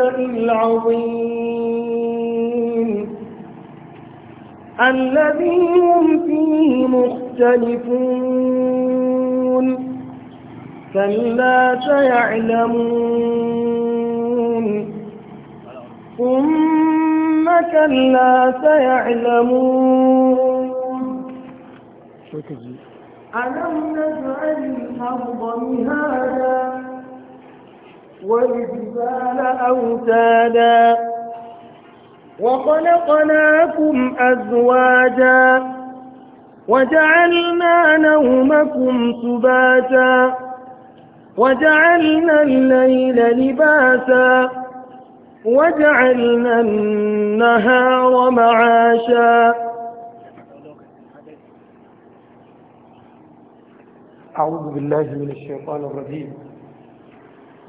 النبأ العظيم الذي هم فيه مختلفون كلا سيعلمون ثم كلا سيعلمون ألم نجعل الأرض مهادا والجبال أوتادا وخلقناكم أزواجا وجعلنا نومكم سباتا وجعلنا الليل لباسا وجعلنا النهار معاشا أعوذ بالله من الشيطان الرجيم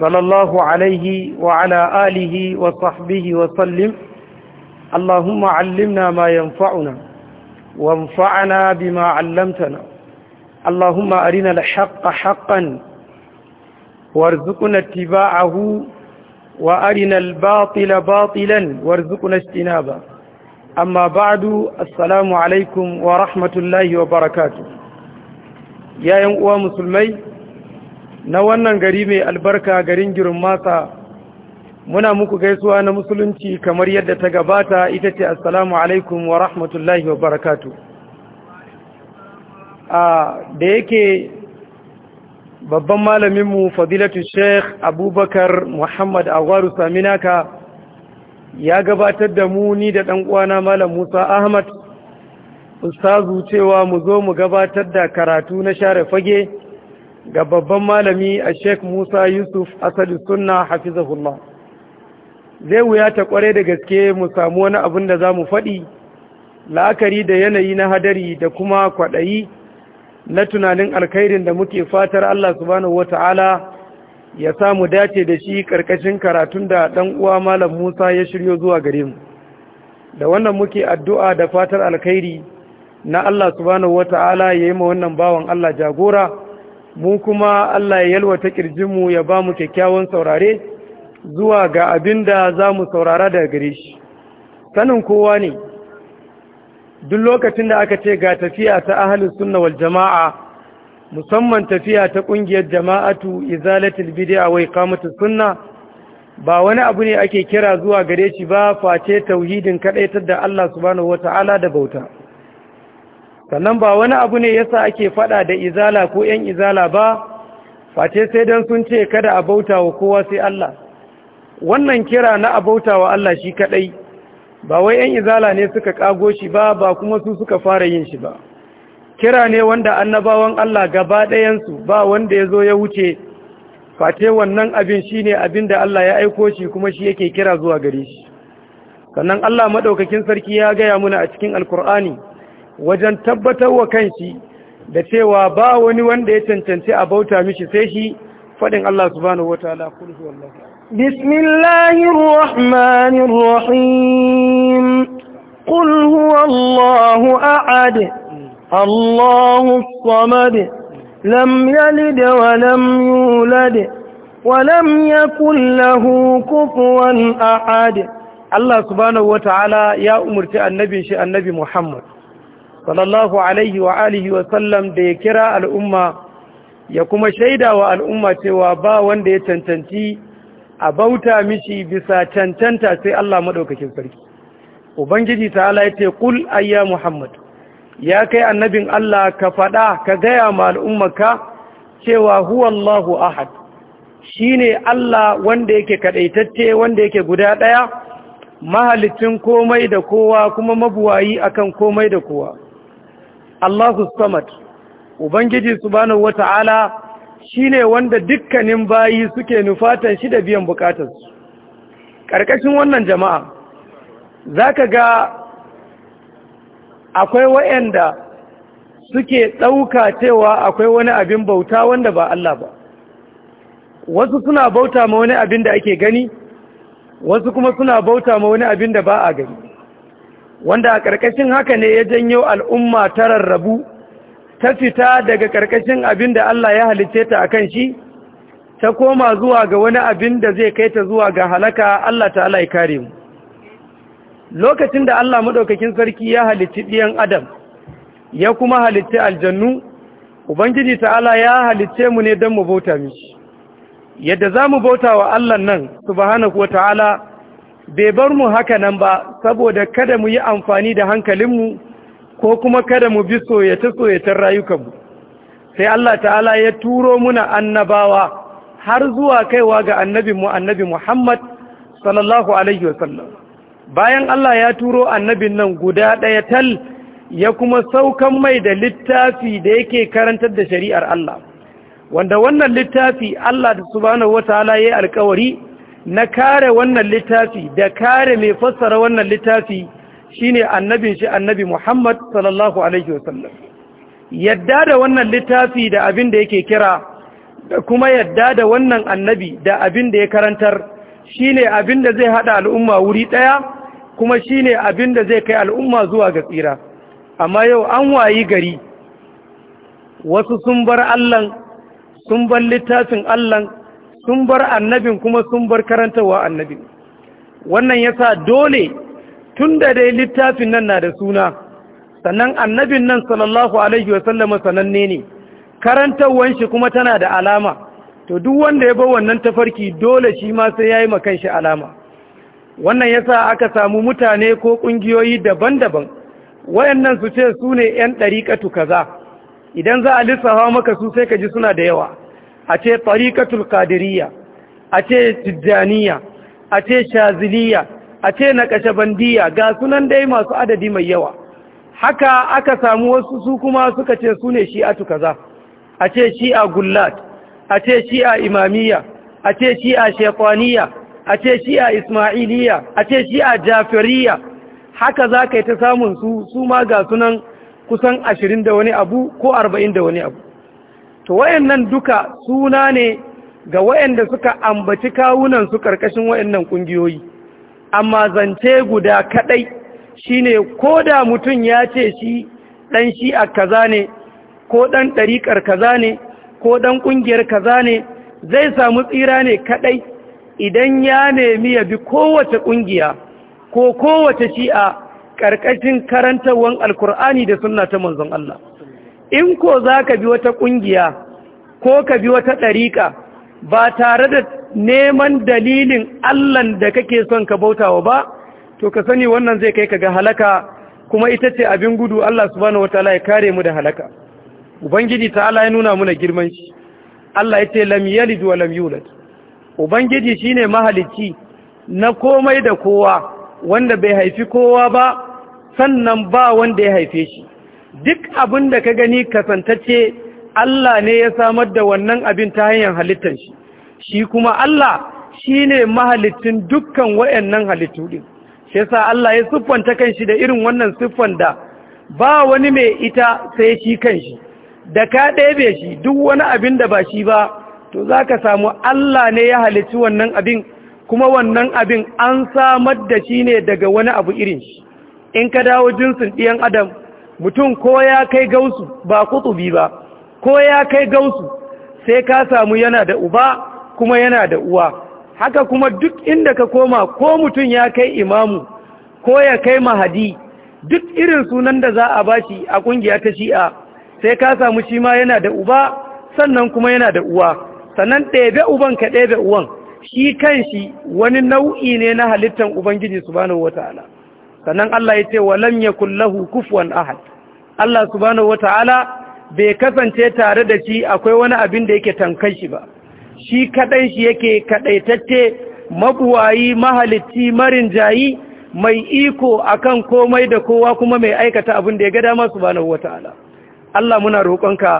صلى الله عليه وعلى آله وصحبه وسلم اللهم علمنا ما ينفعنا وانفعنا بما علمتنا اللهم أرنا الحق حقا وارزقنا اتباعه وأرنا الباطل باطلا وارزقنا اجتنابه أما بعد السلام عليكم ورحمة الله وبركاته يا يوم مسلمين na wannan gari mai albarka garin girin mata muna muku gaisuwa na musulunci kamar yadda ta gabata ita ce assalamu alaikum wa rahmatullahi wa barakatu a da yake babban malaminmu fadilatu sheikh abubakar muhammad agwaru saminaka ya gabatar da mu ni da ɗan'uwana malam musa ahmad ustazu cewa mu zo mu gabatar da karatu na share fage ga babban malami a sheik musa yusuf asali sunna hafizahullah zai wuyata kwarai da gaske mu samu wani abin da za mu faɗi la'akari da yanayi na hadari da kuma kwaɗayi na tunanin alkhairin da muke fatar allah subhanahu wata'ala ya samu dace da shi ƙarƙashin karatun da ɗan uwa malam musa ya shiryo zuwa gare mu da wannan muke addu'a da fatar alkhairi na allah subhanahu Ta'ala ya yi ma wannan bawan allah jagora mu kuma Allah ya yalwata ƙirjinmu ya ba mu kyakkyawan saurare zuwa ga abin da za mu saurara daga gare shi sanin kowa ne duk lokacin da aka ce ga tafiya ta ahalin sunna wal jama'a musamman tafiya ta ƙungiyar jama'atu izalatul bid'a wai kamata sunna ba wani abu ne ake kira zuwa gare shi ba face tauhidin kaɗaitar da Allah subhanahu wata'ala da bauta sannan ba wani abu ne yasa ake fada da izala ko ‘yan izala ba face sai don sun ce kada a bauta wa kowa sai Allah wannan kira na a bauta wa Allah shi kaɗai ba wai ‘yan izala ne suka kago shi ba ba kuma su suka fara yin shi ba kira ne wanda annabawan Allah gaba ɗayansu ba wanda ya zo ya wuce face wannan abin shi ne abin da Allah ya aiko shi kuma shi yake kira zuwa gare shi sannan Allah maɗaukakin sarki ya gaya muna a cikin alkur'ani wajen tabbatar wa kanshi da cewa ba wani wanda ya cancanci a bauta mishi sai shi faɗin Allah subhanahu wataala kul huwallahu bismillahir rahmanir rahim qul huwallahu ahad allahus samad lam yalid wa lam yulad wa lam yakul lahu kufuwan ahad Allah subhanahu wataala ya umurci annabin shi annabi Muhammad sallallahu alaihi wa alihi wa sallam da ya kira al'umma ya kuma shaida wa al'umma cewa ba wanda ya cancanci a bauta mishi bisa cancanta sai Allah maɗaukakin sarki. Ubangiji ta ala ya ce, Kul ayya Muhammad, ya kai annabin Allah ka faɗa ka gaya ma al'ummaka cewa huwallahu ahad, shi ne Allah wanda yake kaɗaitacce wanda yake guda ɗaya, mahalicin komai da kowa kuma mabuwayi akan komai da kowa. Allahu Samad Ubangiji subhanahu wata'ala ne wanda dukkanin bayi suke nufatan shi da biyan bukatarsu ƙarƙashin wannan jama'a Za ka ga akwai wayanda suke ɗauka cewa akwai wani abin bauta wanda ba Allah ba wasu suna bauta ma wani abin da ake gani wasu kuma suna bauta ma wani abin da ba a gani wanda a ƙarƙashin haka ne ya janyo al'umma ta rarrabu ta fita daga ƙarƙashin abin da Allah ya halice ta a kan shi ta koma zuwa ga wani abin da zai kai ta zuwa ga halaka Allah ta Allah ya kare mu lokacin da Allah maɗaukakin sarki ya halitti ɗiyan adam ya kuma halitti aljannu ubangiji ta'ala ya halitce mu ne don mu bauta mishi yadda za mu bauta wa Allah nan subhanahu wa ta'ala bai bar mu haka nan ba saboda kada mu yi amfani da hankalinmu ko kuma kada mu bi soyata-soyatan rayukanmu sai Allah ta'ala ya turo muna annabawa har zuwa kaiwa ga annabinmu annabi Muhammad sallallahu alaihi wasallam bayan Allah ya turo annabin nan guda ɗaya tal ya kuma saukan mai da littafi da yake karantar da shari'ar Allah wanda wannan littafi Allah da subhanahu ya yayi alkawari na kare wannan littafi da kare mai fassara wannan littafi shine annabin shi annabi Muhammad sallallahu alaihi wasallam yadda da wannan littafi da abin da yake kira da kuma yadda da wannan annabi da abin da ya karantar shine abin da zai haɗa al'umma wuri ɗaya, kuma shine abin da zai kai al'umma zuwa ga tsira amma yau an wayi gari wasu sun bar Allah sun bar littafin Allah sun bar annabin kuma sun bar karantarwa annabin wannan yasa dole tun da dai littafin nan na da suna sannan annabin nan sallallahu alaihi wasallama sananne ne karantarwan shi kuma tana da alama to duk wanda ya bar wannan tafarki dole shi ma sai ya yi makan shi alama wannan yasa aka samu mutane ko ƙungiyoyi daban-daban wayannan su ce su ne 'yan ɗariƙatu kaza idan za a lissafa maka su sai ka ji suna da yawa a ce tariƙatul Kadiriya. a ce tijjaniya a ce shaziliya a ce naƙashabandiya ga sunan dai masu adadi mai yawa haka aka samu wasu su kuma suka ce su ne shi shi'atu kaza a ce shi a gullat a ce shi a Imamiya. a ce shi a shekwaniya a ce shi a ismailiya a ce shi a jafiriya haka za ka yi ta samun su su ma ga sunan kusan ashirin da wani abu ko arba'in da wani abu to wayannan duka suna ne ga wayanda suka ambaci kawunansu su karkashin wayannan kungiyoyi amma zance guda kadai shine da mutun ya ce shi dan shi a kaza ne ko dan dariƙar kaza ne ko dan kungiyar kaza ne zai samu tsira ne kadai idan ya nemi ya bi kowace kungiya ko kowace shi'a ƙarƙashin karantawan alkur'ani da sunna ta manzon Allah in ko za ka bi wata ƙungiya ko ka bi wata ɗariƙa ba tare da neman dalilin allan da kake son ka bautawa ba to ka sani wannan zai kai ka ga halaka kuma ita ce abin gudu Allah subhanahu wata ya kare mu da halaka ubangiji ta'ala ya nuna muna girman shi Allah ya ce lam yalid wa lam yulad ubangiji shine mahalicci na komai da kowa wanda bai haifi kowa ba sannan ba wanda ya haife shi duk abin da ka gani kasantacce Allah ne ya samar da wannan abin ta hanyar halittar shi shi kuma Allah shi ne mahalittun dukkan wayannan halittu ɗin shi sa Allah ya siffanta kanshi da irin wannan siffan da ba wani mai ita sai shi kanshi da ka ɗebe shi duk wani abin da ba shi ba to za ka samu Allah ne ya halicci wannan abin kuma wannan abin an samar da shi ne daga wani abu irin shi in ka dawo jinsin ɗiyan adam mutum ko ya kai gausu ba kutubi ba ko ya kai gausu sai ka samu yana da uba kuma yana da uwa haka kuma duk inda ka koma ko mutum ya kai imamu ko ya kai mahadi duk irin sunan da za a bashi a ƙungiya ta shi'a sai ka samu shi ma yana da uba sannan kuma yana da uwa sannan ɗebe uban ka ɗebe uwan shi kan shi wani nau'i ne na halittar ubangiji subhanahu wata'ala sannan Allah ya ce walam ya kullahu kufuwan ahad Allah subhanahu wataala bai kasance tare da shi akwai wani abin da yake tankan shi ba shi kaɗan shi yake kaɗaitacce mabuwayi mahalicci marin jayi mai iko akan komai da kowa kuma mai aikata abin da ya ga dama subhanahu wataala Allah muna roƙonka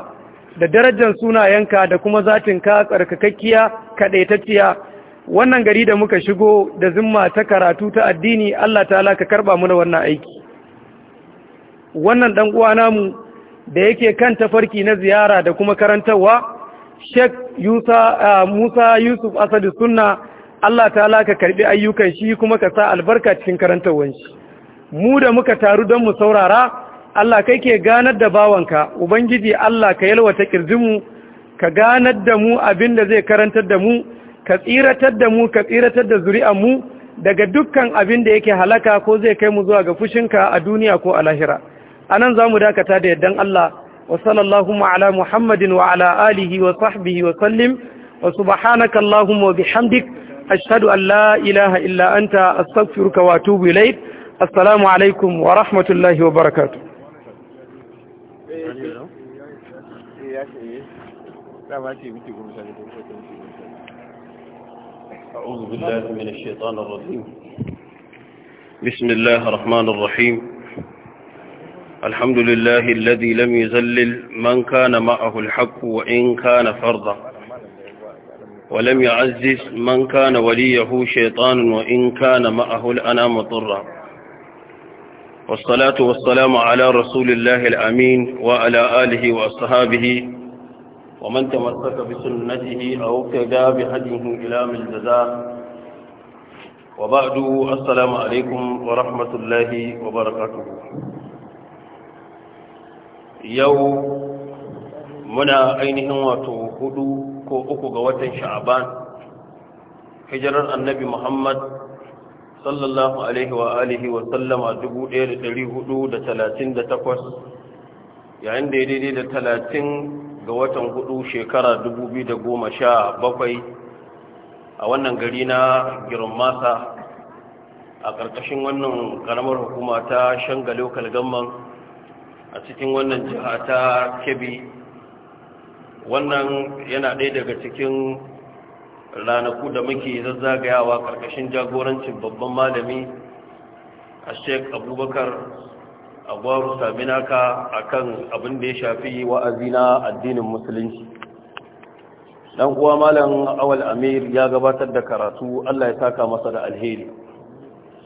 da darajar sunayenka da kuma zatinka tsarkakakkiya kaɗaitacciya wannan gari da muka shigo da zimma ta karatu ta addini Allah ta'ala ka karba muna wannan aiki wannan dan uwa namu da yake kan tafarki na ziyara da kuma karantarwa Sheikh Yusa Musa Yusuf Asadu Sunna Allah ta'ala ka karɓi ayyukan shi kuma ka sa albarka cikin karantarwar shi mu da muka taru don mu saurara Allah kai ke ganar da bawanka ubangiji Allah ka yalwata kirjinmu ka ganar da mu abin da zai karantar da mu ka tsiratar da mu ka tsiratar da zuri'anmu daga dukkan abin da yake halaka ko zai kai mu zuwa ga fushinka a duniya ko a lahira anan za mu dakata da yardan Allah wa sallallahu ala muhammadin wa ala alihi wa sahbihi wa sallim wa subhanaka allahumma wa bihamdik ashhadu an la ilaha illa anta astaghfiruka wa atubu ilaik assalamu alaikum wa rahmatullahi wa barakatuh eh, eh, eh, ya ce أعوذ بالله من الشيطان الرجيم بسم الله الرحمن الرحيم الحمد لله الذي لم يزلل من كان معه الحق وإن كان فرضا ولم يعزز من كان وليه شيطان وإن كان معه الأنام طرا والصلاة والسلام على رسول الله الأمين وعلى آله وأصحابه ومن تمسك بسنته أو اقتدى بهديه إلى من جزاء وبعد السلام عليكم ورحمة الله وبركاته يوم منا أينه وتوهدو كو أكو شعبان hijirar annabi Muhammad sallallahu Alaihi wa alihi wa sallama 1438 yayin da ya daidai da talatin ga watan hudu shekara goma sha bakwai, a wannan gari na girmasa a ƙarƙashin wannan ƙaramar hukuma ta shanga lokal gamman a cikin wannan jiha ta kebi wannan yana ɗaya daga cikin ranaku da muke zazzagayawa ƙarƙashin jagorancin babban malami a sheik abubakar agwaru saminaka kan abin da ya shafi wa'azi na addinin musulunci dan kuwa malam awal amir ya gabatar da karatu Allah ya saka masa da alheri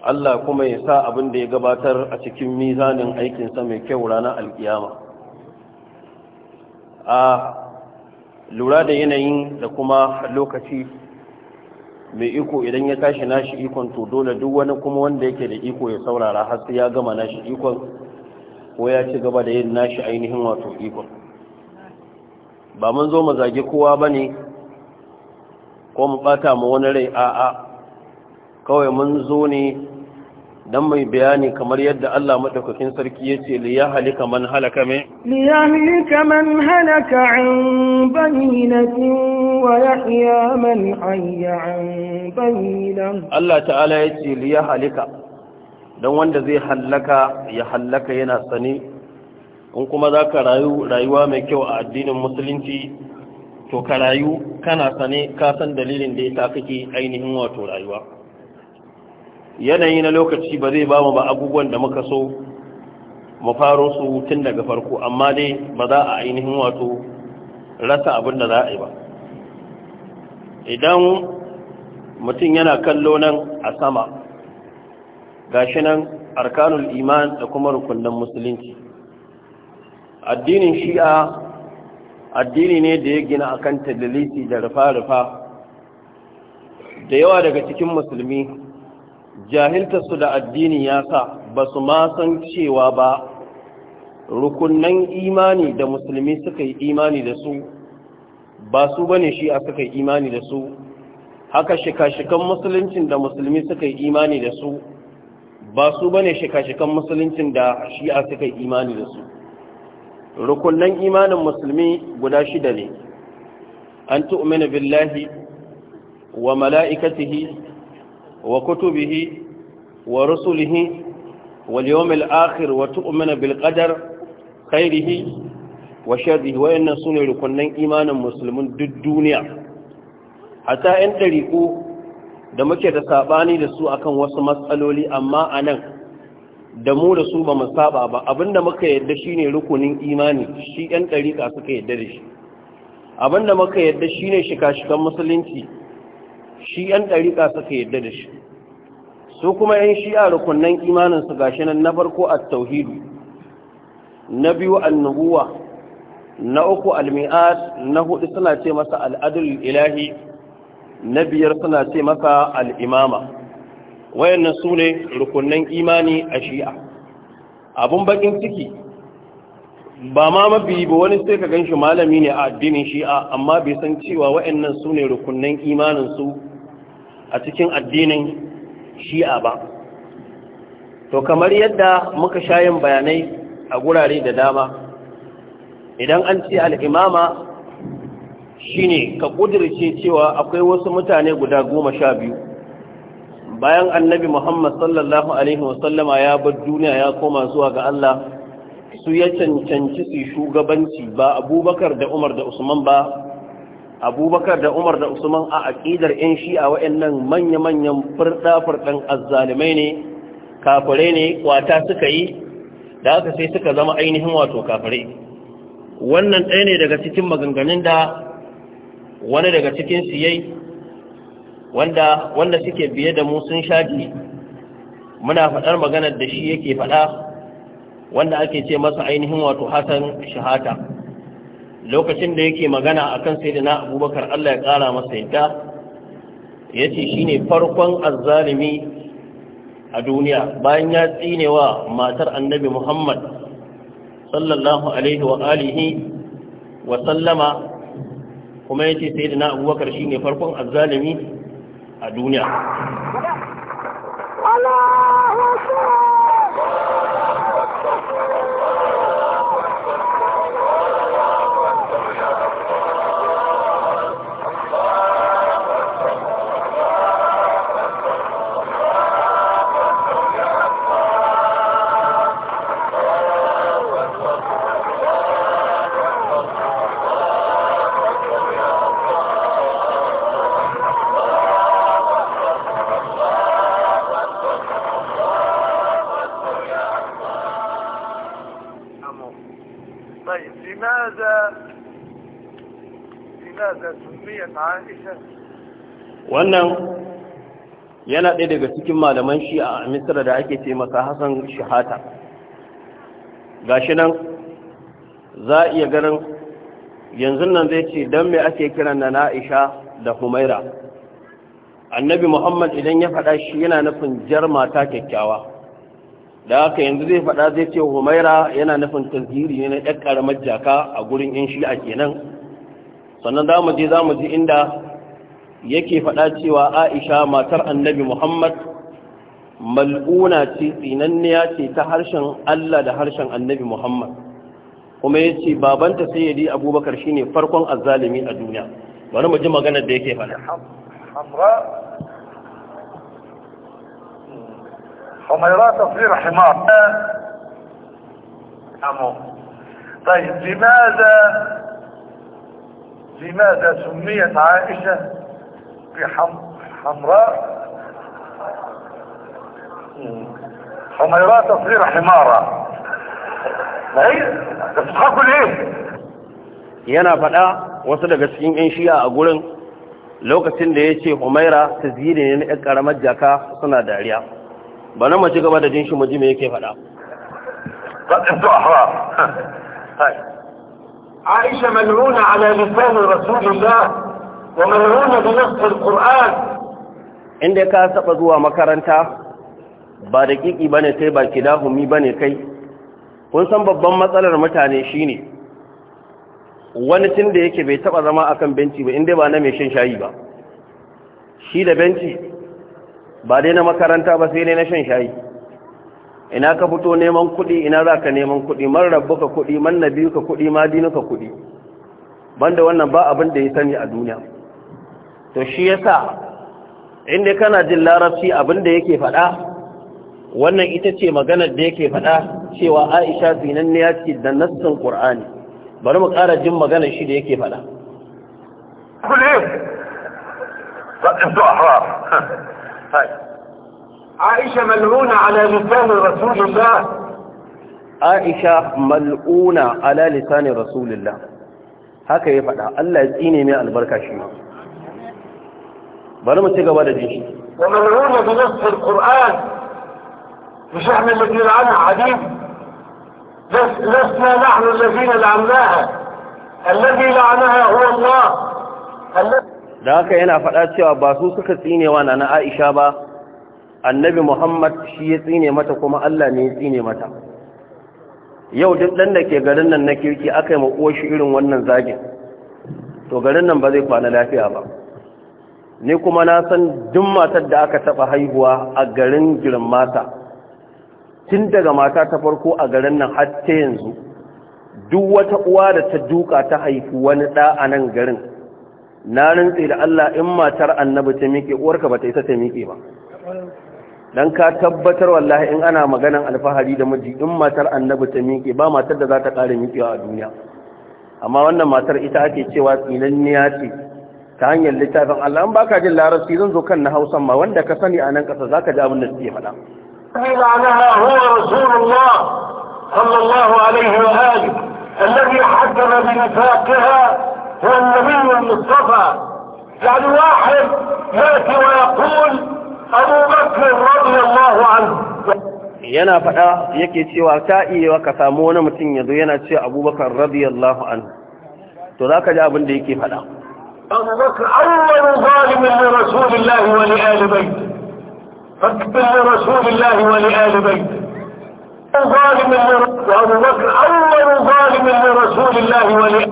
Allah kuma ya sa abin da ya gabatar a cikin mizanin aikinsa mai kyau ranar alkiyama a lura da yanayin da kuma lokaci mai iko idan ya tashi nashi ikon to dole duk wani kuma wanda yake da iko ya saurara har sai ya gama nashi ikon ko ya ci gaba da yin nashi ainihin wato ikon ba mun zo mu zage kowa ba ne ko mu ɓata mu wani rai a'a kawai mun zo ne dan mai bayani kamar yadda Allah madaukakin sarki yace li ya halika man halaka me li ya halika man halaka an bayyinatin wa yahya man hayya an bayyinatin Allah ta'ala yace li ya halika don wanda zai hallaka ya hallaka yana sani in kuma za ka rayu rayuwa mai kyau a addinin musulunci to ka rayu kana sane ka san dalilin da ya ta kake ainihin wato rayuwa yanayi na lokaci ba zai bamu ba abubuwan da muka so mu faro su tun daga farko amma dai ba za a ainihin wato rasa abin da za a yi ba idan mutum yana kallo nan a sama gashi nan arkanul iman da kuma rukunan musulunci addinin shi'a addini ne da ya gina akan tadalisi da rufa-rufa da yawa daga cikin musulmi jahiltarsu da addini ya sa ba su ma san cewa ba rukunan imani da musulmi suka yi imani da su ba su bane shi'a suka yi imani da su haka shika-shikan musuluncin da musulmi suka yi imani da su ba su ba ne shika-shikan musuluncin da shi'a suka yi imani da su rukunan imanin musulmi guda shida ne an tu'mina billahi wa mala'ikatihi wa kutubihi wa rusulihi wa yawmil akhir wa tu'mina bil qadar khairihi wa sharrihi su sune rukunan imanin musulmin duk duniya Hata yan dariku da muke da saɓani da su akan wasu matsaloli amma a nan da mu da su ba mu saba ba abinda muka yadda shine rukunin imani shi ɗan ɗariƙa suka yadda da shi abinda muka yadda shine shika-shikan musulunci shi ɗan ɗariƙa suka yadda da shi su kuma ‘yan a rukunan imanin su gashi nan na farko a tauhidu na biyu annubuwa na uku almi'ad na hudu suna ce masa al'adul ilahi na biyar suna ce maka al'imama wayannan su ne rukunin imani a shi'a abun bakin ciki ba ma mabi ba wani sai ka gan shi malami ne a addinin shi'a amma bai san cewa wayannan su ne rukunin imaninsu a cikin addinin shi'a ba to kamar yadda muka sha shayin bayanai a gurare da dama idan an ce al'imama shine ka kudirce cewa akwai wasu mutane guda goma sha biyu bayan annabi muhammad sallallahu alaihi wasallama ya bar duniya ya koma zuwa ga allah su ya cancanci su shugabanci ba abubakar da umar da usman ba abubakar da umar da usman a aƙidar 'yan a wa'annan manya-manyan furɗa-furɗan azzalimai ne Kafare ne wata suka yi da aka sai suka zama ainihin wato kafare. wannan ɗaya ne daga cikin maganganun da wani daga cikin siyai wanda wanda suke biye da mu sun shaji muna faɗar maganar da shi yake faɗa wanda ake ce masa ainihin wato hasan shahata lokacin da yake magana akan na abubakar Allah ya ƙara masa yadda ya shi shine farkon azalimi a duniya bayan ya tsinewa matar annabi Muhammad sallallahu alaihi wa alihi wa sallama kuma ya ce sai da na abubakar shi ne farkon azzalimi a duniya Allah wannan yana ɗaya daga cikin malaman shi a misira da ake ce masa hassan shahata Ga shi nan za a iya ganin yanzu nan zai ce don mai ake kiran na na'isha da humaira annabi muhammad idan ya faɗa shi yana nufin jar mata kyakkyawa da haka yanzu zai faɗa zai ce humaira yana nufin tasiri ne na ɗan ƙaramar jaka a gurin yan shi a kenan sannan za mu je za mu ji inda yake faɗa cewa aisha matar annabi muhammad mal'una ce tsinanniya ce ta harshen allah da harshen annabi muhammad kuma ya ce babanta sai ya abubakar shine farkon azzalimi a duniya bari mu ji maganar da yake faɗa حميرات تصير حمار طيب لماذا لماذا سميت عائشة بحمراء حميراء تصير حمارة ايه تسخف ليه ينا فلا وصل قسكين انشياء اقولن لو كسين ليشي حميراء تزيدين اكرمت جاكا صنع داليا بنا ما جيكا بدا جنشو مجيمة كيف فلا قد احرار طيب. عائشة ملعونة على لسان رسول الله وملعونة بنص القرآن inda ka saba zuwa makaranta ba da kiki bane sai ba kidahumi bane kai kun san babban matsalar mutane ne. wani tun da yake bai taba zama akan benci ba inda ba na mai shan shayi ba shi da benci ba dai na makaranta ba sai ne na shan shayi ina ka fito neman kuɗi ina za ka neman kuɗi man rabbuka kuɗi man ka kuɗi ma ka kuɗi banda wannan ba abin da ya sani a duniya to shi ya sa inda kana jin larabci abin da yake faɗa wannan ita ce maganar da yake faɗa cewa Aisha ya ce da nassin ƙur'ani, bari mu ƙara jin maganar shi da yake faɗa kullum ba ta ahrar عائشة ملعونة على لسان رسول الله عائشة ملعونة على لسان رسول الله هكا يفعل الله يزيني من البركة شمال بلما تقوى لديه وملعونة بنص القرآن مش احنا اللي نلعنها حديث لسنا نحن الذين لعناها الذي لعنها هو الله الذي لذلك هنا فقط سيوى باسوسك السيني وانا عائشة با annabi muhammad shi ya tsine mata kuma allah ne ya tsine mata yau duk ɗan da ke garin nan na kirki aka yi maƙuwa irin wannan zagin to garin nan ba zai kwana lafiya ba ni kuma na san duk matar da aka taɓa haihuwa a garin girin mata tun daga mata ta farko a garin nan har yanzu duk wata uwa da ta duka ta haifi wani ɗa a nan garin na rintse da Allah in matar annabi ta miƙe uwarka ba ta isa ta miƙe ba dan ka tabbatar wallahi in ana maganan alfahari da miji in matar annabi ta miƙe ba matar da za ta ƙara miƙewa a duniya amma wannan matar ita ake cewa tsinanniya ce ta hanyar littafin Allah an baka jin larabci zan zo kan na Hausa ma wanda ka sani a nan ƙasa zaka ji abin da suke faɗa قيل عنها هو رسول الله صلى الله عليه وآله الذي حكم بنفاقها هو النبي المصطفى يعني واحد يأتي ويقول Abu Bakr radiyallahu anhu yana faɗa yake cewa ta iya ka samu wani mutum ya zo yana ce abubakar radiyallahu an to za ka ji abin da yake faɗa abubakar awwalu zalimin li rasulillahi wa li ali bait fakbil li rasulillahi wa li ali bait zalimin li abubakar awwalu zalimin li rasulillahi wa li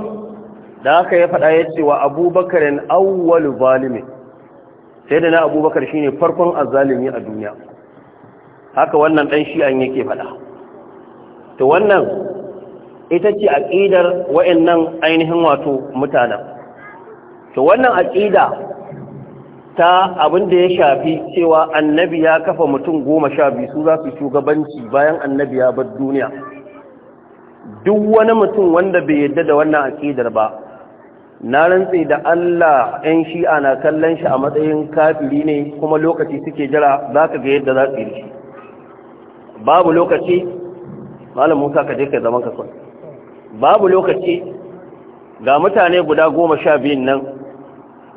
da haka ya faɗa ya ce wa abubakarin awwalu zalimin sai da na abubakar shi ne farkon azalimi a duniya haka wannan ɗan shi'an yake faɗa to wannan ita ce aƙidar wa'annan ainihin wato mutanen to wannan aƙida ta abin da ya shafi cewa annabi ya kafa mutum goma sha biyu su za su shugabanci bayan annabi ya bar duniya duk wani mutum wanda bai yadda da wannan aƙidar ba na rantse da Allah ‘yan shi'a na kallon shi a matsayin kafiri ne kuma lokaci suke jira za ka ga yadda za su yi babu lokaci malam musa ka je ka zama babu lokaci ga mutane guda goma sha biyun nan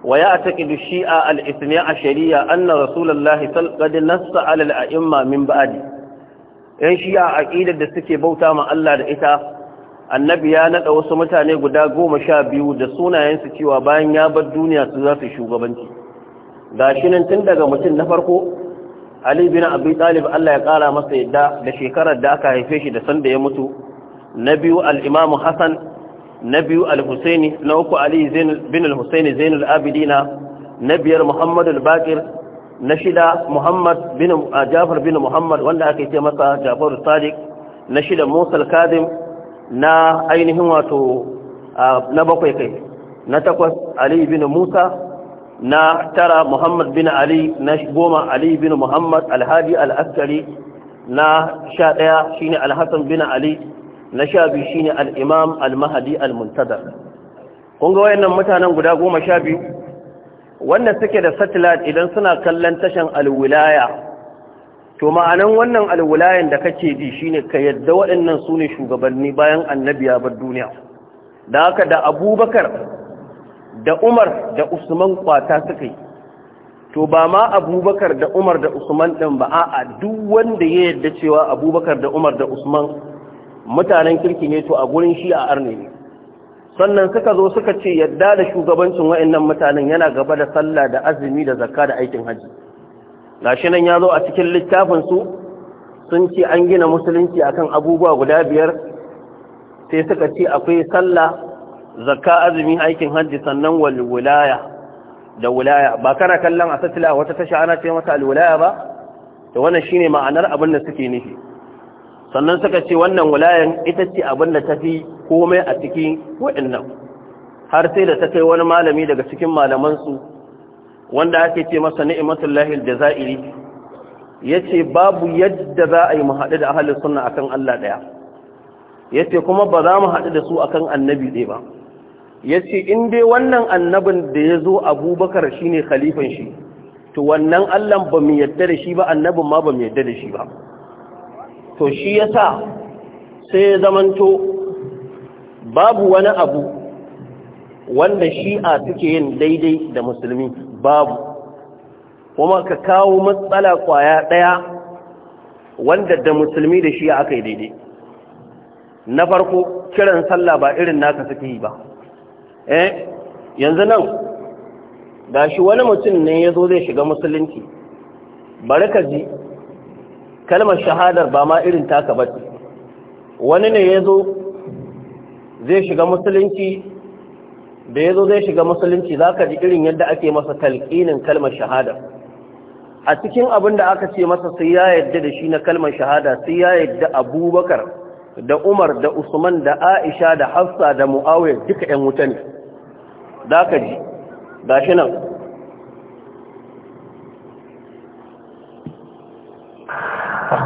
wa ya taƙi da shi'a al'isniya a shari'a an na rasulallahi salƙadi nasa alal a'imma min ba'adi ‘yan shi'a aƙidar da suke bauta ma Allah da ita annabi ya nada wasu mutane guda goma sha biyu da sunayensu cewa bayan ya bar duniya su za su shugabanci ga shi nan tun daga mutum na farko ali bin abi talib Allah ya kara masa yadda da shekarar da aka haife shi da sanda ya mutu na biyu al hassan na biyu al-husaini na uku ali bin al-husaini zainul abidina na biyar muhammad al-baqir na shida muhammad bin jafar bin muhammad wanda aka ce masa jafar sadiq na shida musa al-kadim na ainihin wato na bakwai kai na takwas ali bin musa na tara muhammad bin ali na goma ali bin muhammad alhadi al'askari na sha ɗaya shine alhassan bin ali na sha biyu shine al'imam al-mahadi al-muntadar kun ga wayannan mutanen guda goma sha biyu Wannan suke da satellite idan suna kallon tashan alwilaya to ma'anan wannan alwulayan da kake ji shine ka yadda waɗannan su ne shugabanni bayan annabi ya bar duniya da haka da abubakar da umar da usman kwata suka yi to ba ma abubakar da umar da usman ɗin ba a duk wanda ya yadda cewa abubakar da umar da usman mutanen kirki ne to a gurin shi a arne ne sannan suka zo suka ce yadda da shugabancin waɗannan mutanen yana gaba da sallah da azumi da zakka da aikin haji gashi nan ya zo a cikin littafin su sun ce an gina musulunci akan abubuwa guda biyar sai suka ce akwai sallah zakka azumi aikin hajji sannan wal da wilaya ba kana kallon a satila wata tasha ana ce mata al ba to wannan shine ma'anar abin da suke nufi sannan suka ce wannan wilayan ita ce abin da tafi komai a cikin wa'annan har sai da ta kai wani malami daga cikin malaman su wanda ake ce masa ni'matul lahil jazairi yace babu yadda za a yi mu haɗu da ahlus sunna akan Allah daya yace kuma ba za mu haɗu da su akan annabi ɗaya ba yace in dai wannan annabin da ya zo Abubakar shine khalifan shi to wannan Allah ba mu yadda da shi ba annabin ma ba mu yadda da shi ba to shi yasa sai ya zamanto babu wani abu wanda shi'a suke yin daidai da musulmi babu kuma ka kawo matsala kwaya ɗaya wanda da musulmi da shi aka yi daidai na farko kiran sallah ba irin naka suke yi ba eh yanzu nan ga shi wani mutum ne ya zo zai shiga musulunci bari ka ji kalmar shahadar ba ma irin taka ba wani ne ya zo zai shiga musulunci da ya zo zai shiga musulunci za ka ji irin yadda ake masa talƙinin kalmar shahada a cikin abin da aka ce masa sai ya yadda da shi na kalmar shahada sai ya yadda abubakar da umar da usman da aisha da hafsa da mu'awiyar duka 'yan wuta ne za ka ji ga shi nan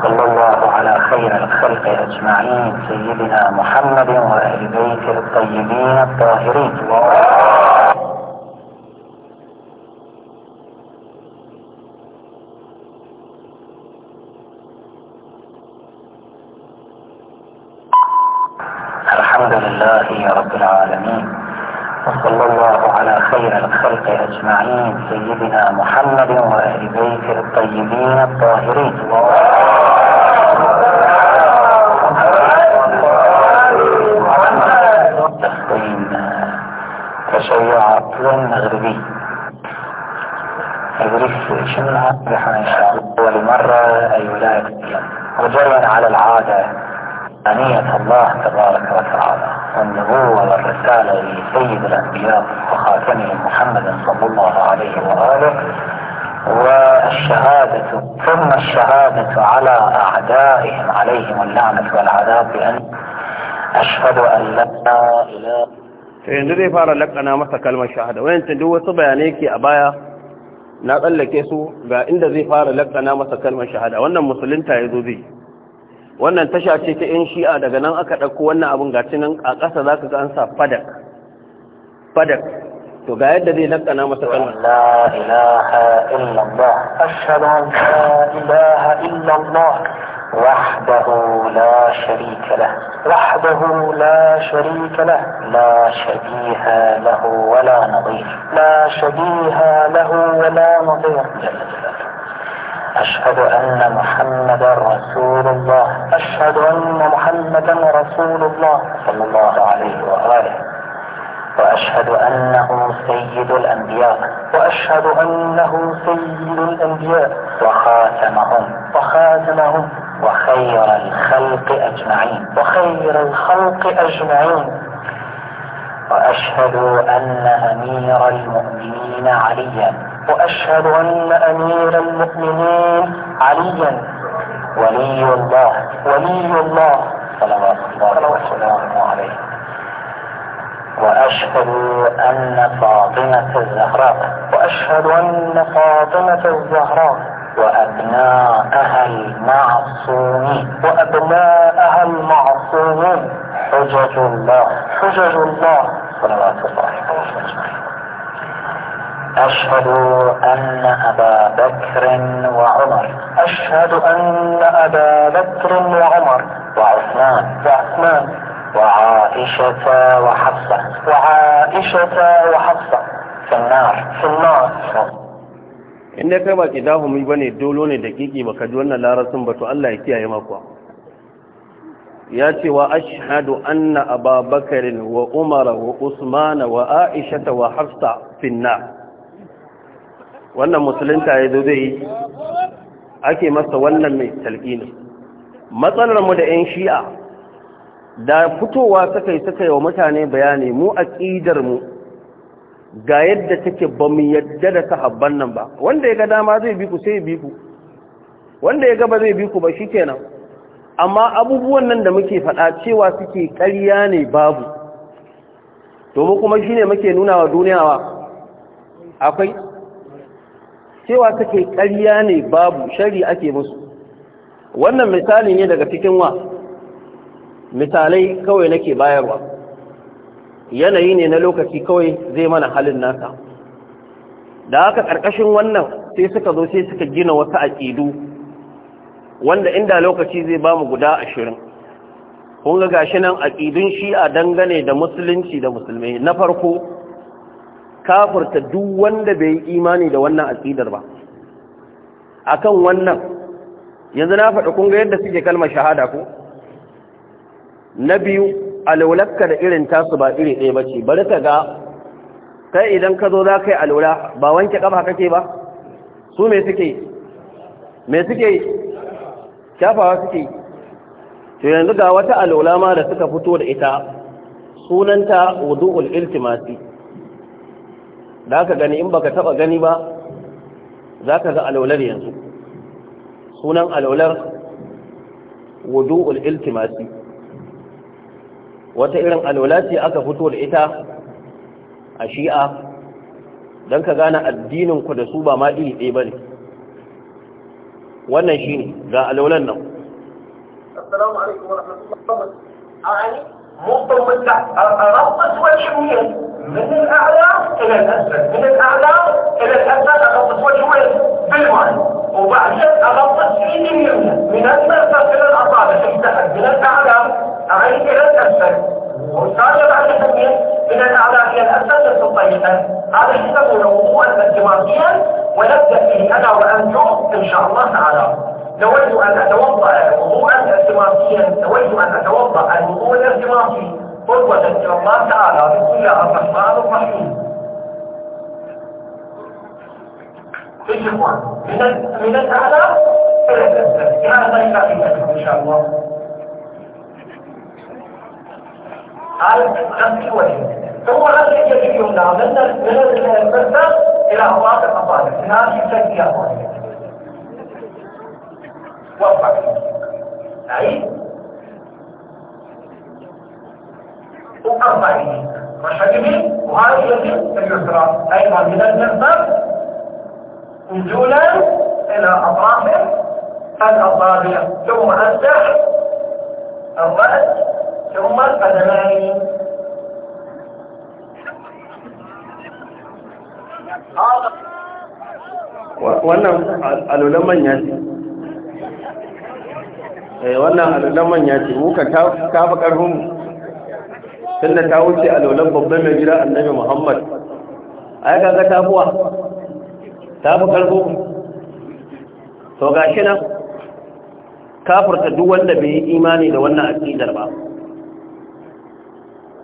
Allah خير الخلق أجمعين سيدنا محمد وآل بيته الطيبين الطاهرين الحمد لله يا رب العالمين وصلى الله على خير الخلق أجمعين سيدنا محمد وآل بيته الطيبين الطاهرين الجمعة أول مرة أي ولاية وجرا على العادة أنية الله تبارك وتعالى والنبوة والرسالة لسيد الأنبياء وخاتمهم محمد صلى الله عليه وآله والشهادة ثم الشهادة على أعدائهم عليهم اللعنة والعذاب بأن أشهد أن لا إله yanzu zai fara lakana masa kalmar shahada wayan ta وين wasu bayanai ke na tsallake su ga inda zai fara lakana masa kalmar shahada wannan musulunta ya zo zai wannan tasha ce ta yan shi'a daga nan aka ɗauko wannan abin ga cinan a ƙasa za ka an fadak fadak to ga yadda zai lakana masa kalmar illallah illallah وحده لا شريك له وحده لا شريك له لا شبيه له ولا نظير لا شبيه له ولا نظير جل جلاله أشهد أن محمدا رسول الله أشهد أن محمدا رسول الله صلى الله عليه وآله وأشهد أنه سيد الأنبياء وأشهد أنه سيد الأنبياء وخاتمهم وخاتمهم وخير الخلق أجمعين وخير الخلق أجمعين وأشهد أن أمير المؤمنين عليا وأشهد أن أمير المؤمنين عليا ولي الله ولي الله صلوات الله وسلامه عليه وأشهد أن فاطمة الزهراء وأشهد أن فاطمة الزهراء وأبناءها المعصومين وأبناءها المعصومين حجج الله حجج الله صلوات الله عليه أشهد أن أبا بكر وعمر أشهد أن أبا بكر وعمر وعثمان وعثمان وعائشة وحفصة وعائشة وحفصة في النار في النار in dai kai ba ki kidahumi bane dolo ne da ba ka ji wannan larasin ba to Allah ya kiyaye maka ya ce wa ashhadu anna ababakar wa Umar, wa usman wa aisha wa hafsa finna wannan musulunta ya zo zai ake masa wannan mai talqini matsalar mu da yan shi'a da fitowa sakai sakai wa mutane bayani mu aqidar mu ga yadda take ba mu yadda da sahabban nan ba wanda ya ga dama zai bi ku sai bi ku wanda ya ga ba zai bi ku ba shi shikenan amma abubuwan nan da muke faɗa cewa suke ƙarya ne babu domin kuma shine muke nuna wa duniya wa akwai cewa take ƙarya ne babu shari ake musu wannan misali ne daga cikin wa misalai kawai nake bayarwa yanayi ne na lokaci kawai zai mana halin nasa da haka ƙarƙashin wannan sai suka zo sai suka gina wasu aƙidu wanda inda lokaci zai ba mu guda ashirin kun ga gashi nan aƙidun shi'a dangane da musulunci da musulmai na farko kafurta duk wanda bai yi imani da wannan aƙidar ba A kan wannan yanzu na faɗi kunga yadda suke kalmar shahada ko na biyu alaularka da irin tasu ba iri ɗaya ba ce, bari ka ga kai idan ka zo za ka yi alaula ba wanke ƙafa kake ba su me suke me suke shafawa suke to yanzu ga wata alaula ma da suka fito da ita sunanta wudu'ul iltimasi da aka gani in baka taba gani ba za ka ga alaular yanzu sunan alaular wudu'ul iltimasi wata irin alwala ce aka fito da ita a shi'a don ka gane addinin ku da su ba ma iri ɗaya ba ne wannan shi ne ga alwalan nan assalamu alaikum wa rahmatullahi wa barakatuh ممكن اربط وجهي من الاعلى الى الاسفل من الاعلى الى الاسفل اربط وجهي بالماء وبعدين اربط ايدي اليمنى من المرفق الى الاصابع تمتحن من الاعلى عين الى الاسفل وصار بعد تمرين من الاعلى الى الاسفل للطريقه هذا يسمونه وضوءا ديماغيا ونبدا فيه انا وانتم ان شاء الله تعالى نود أن أتوضأ وضوءا التماسيا نود أن أتوضأ الوضوء الالتماسي قربة إلى الله تعالى بسم الله الرحمن الرحيم من من الاعلى هذا ان شاء الله على ثم غسل اليد اليمنى من من الى اطراف القصائد هذه تسميه وفق أعيد وأربع يمين منحدمين وهذه اليمين اليسرى أيضا من المنبر نزولا إلى أطرافه الأصابع ثم الساحل الرأس ثم القدمين وانا alulan manya ce Eh, wannan alwalan manya ce mu ka karfin mu tunda ta wuce alwalan babban mai gida annabi muhammad ai kaga ta fuwa ta fi karfin mu to gashi nan kafirta duk wanda bai yi imani da wannan aqidar ba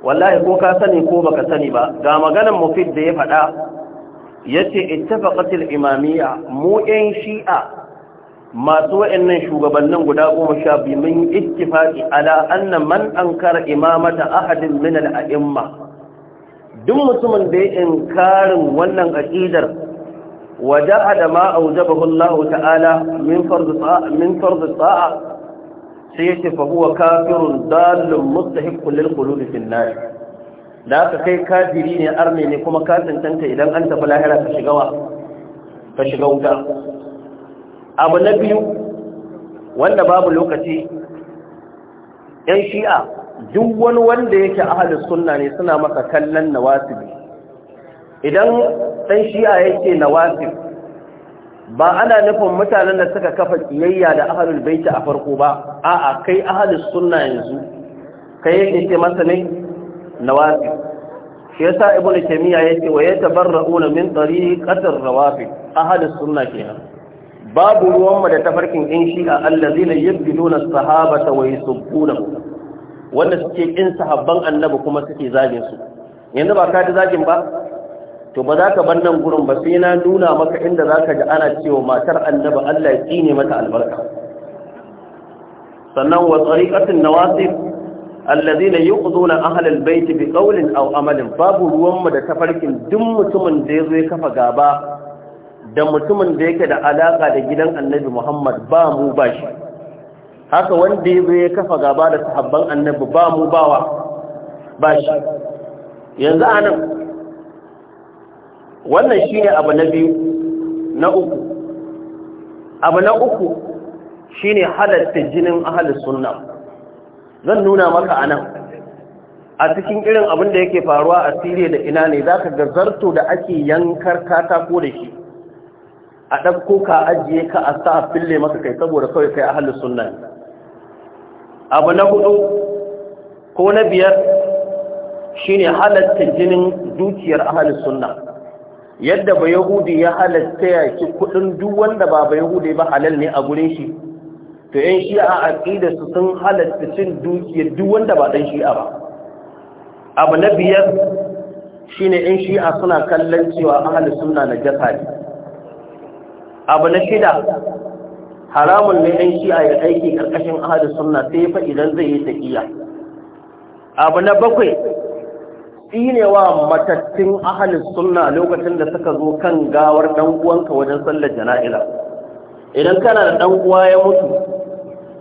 wallahi ko ka sani ko baka sani ba ga maganar mufid da ya faɗa Ya yace ittafaqatil imamiyya mu ɗan shi'a masu wa'annan shugabannin guda goma sha biyu mun yi ittifaqi ala anna man ankara imamata ahadin min al-a'imma duk mutumin da ya inkarin wannan aqidar wajahada ma aujabahu Allah ta'ala min fardhi ta'a min fardhi ta'a sai yace fa huwa kafirun dalun mustahiqqun lil qulubi fi nar da ka kai kafiri ne arne ne kuma ka tantanta idan an tafi lahira ka shiga wa ka shiga wuta abu na biyu wanda babu lokaci yan shi'a duk wani wanda yake ahalin sunna ne suna masa kallon nawasibi idan ɗan shi'a yake nawasib ba ana nufin mutanen da suka kafa kiyayya da ahalin baiki a farko ba 'a kai ahalin sunna yanzu kai yake ce masa ne nawasib shi yasa ibnu taymiya yake wa ra'una min ƙasar rawafid ahalus sunna kenan babu ruwanmu da tafarkin ɗin shi'a allazi na yabbi nuna sahaba ta wai subbuna wanda suke ƙin sahabban annabi kuma suke zagin su yanzu ba ka ji zagin ba to ba za ka bar nan gurin ba sai na nuna maka inda za ka ji ana cewa matar annabi allah ki ne mata albarka sannan wa tsariƙatin nawasif allazi na yi ƙuzuna ahalal baiti bi ƙaulin au amalin babu ruwanmu da tafarkin duk mutumin da ya zo ya kafa gaba da mutumin da yake da alaka da gidan annabi Muhammad ba mu ba shi haka wanda ya kafa gaba da sahabban annabi ba mu bawa ba shi yanzu anan wannan shi ne abu na biyu na uku abu na uku shi ne halatta jinin ahalis sunna zan nuna maka anan a cikin irin abin da yake faruwa a Siriya da ina ne za ga zarto da ake yankar katako da shi a ɗauko ka ajiye ka a sa a fille maka kai saboda kawai kai ahalus sunna abu na hudu ko na biyar shine halatta jinin dukiyar halin sunna yadda ba yahudi ya halatta yaki kudin duk wanda ba ba yahudi ba halal ne a gurin shi to yan shi'a aqida su sun halatta cin dukiyar duk wanda ba dan shi'a ba abu na biyar shine yan shi'a suna kallon cewa ahalus sunna na ne abu na shida haramun ne ɗan a yi aiki ƙarƙashin ahadu sunna sai fa idan zai yi iya. abu na bakwai tsinewa matattun ahalin suna lokacin da suka zo kan gawar ɗan wajen sallar jana'iza idan kana da ɗan ya mutu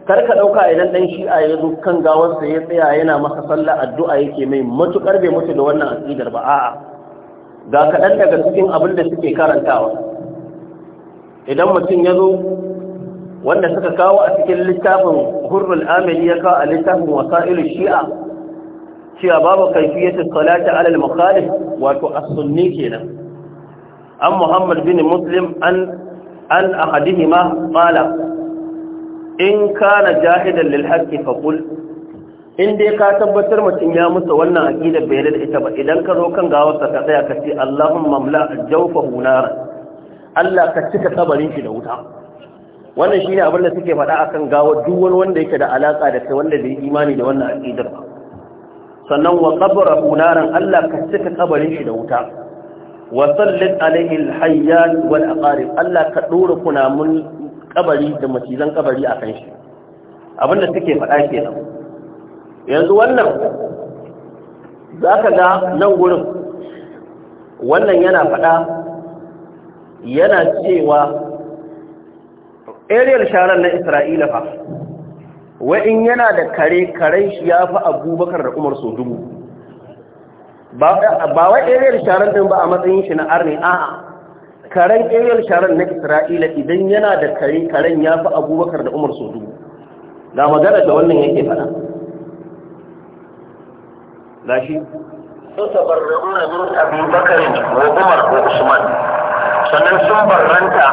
karka ɗauka idan ɗan shi'a ya zo kan gawarsa ya tsaya yana masa sallar addu'a yake mai matuƙar bai mutu da wannan aƙidar ba a'a ga kaɗan daga cikin abin da suke karantawa idan mutum ya zo wanda suka kawo a cikin littafin hurrul amili ya kawo a littafin wasa'ilu shi'a shia babu kaifiyatu salati alal mukhalif wato as-sunni kenan an muhammad bin muslim an an ma qala in kana jahidan lil haqqi faqul in dai ka tabbatar mutum ya musu wannan aqida bai da ita ba idan ka zo kan gawar ka tsaya ka ce allahumma maml'a jawfahu hunara. Allah ka cika kabarin shi da wuta wannan shine abin da suke faɗa akan gawa duk wani wanda yake da alaka da kai wanda bai imani da wannan aqidar ba sannan wa qabrahu naran Allah ka cika kabarin shi da wuta wa sallit alaihi alhayyan wal aqarib Allah ka dora kunamun kabari da macizan kabari akan shi abin da suke faɗa kenan yanzu wannan zaka ga nan gurin wannan yana faɗa yana cewa ariel sharon na isra'ila fa wa'in yana da kare karen shi ya fi abubakar da umar so dubu ba wa ariel sharon din ba a matsayin shi na arni a'a karen ariel sharon na isra'ila idan yana da kare karen ya fi abubakar da umar so dubu ga magana da wannan yake fada gashi sun tabarra'una min abubakar da umar ko usman sannan sun barranta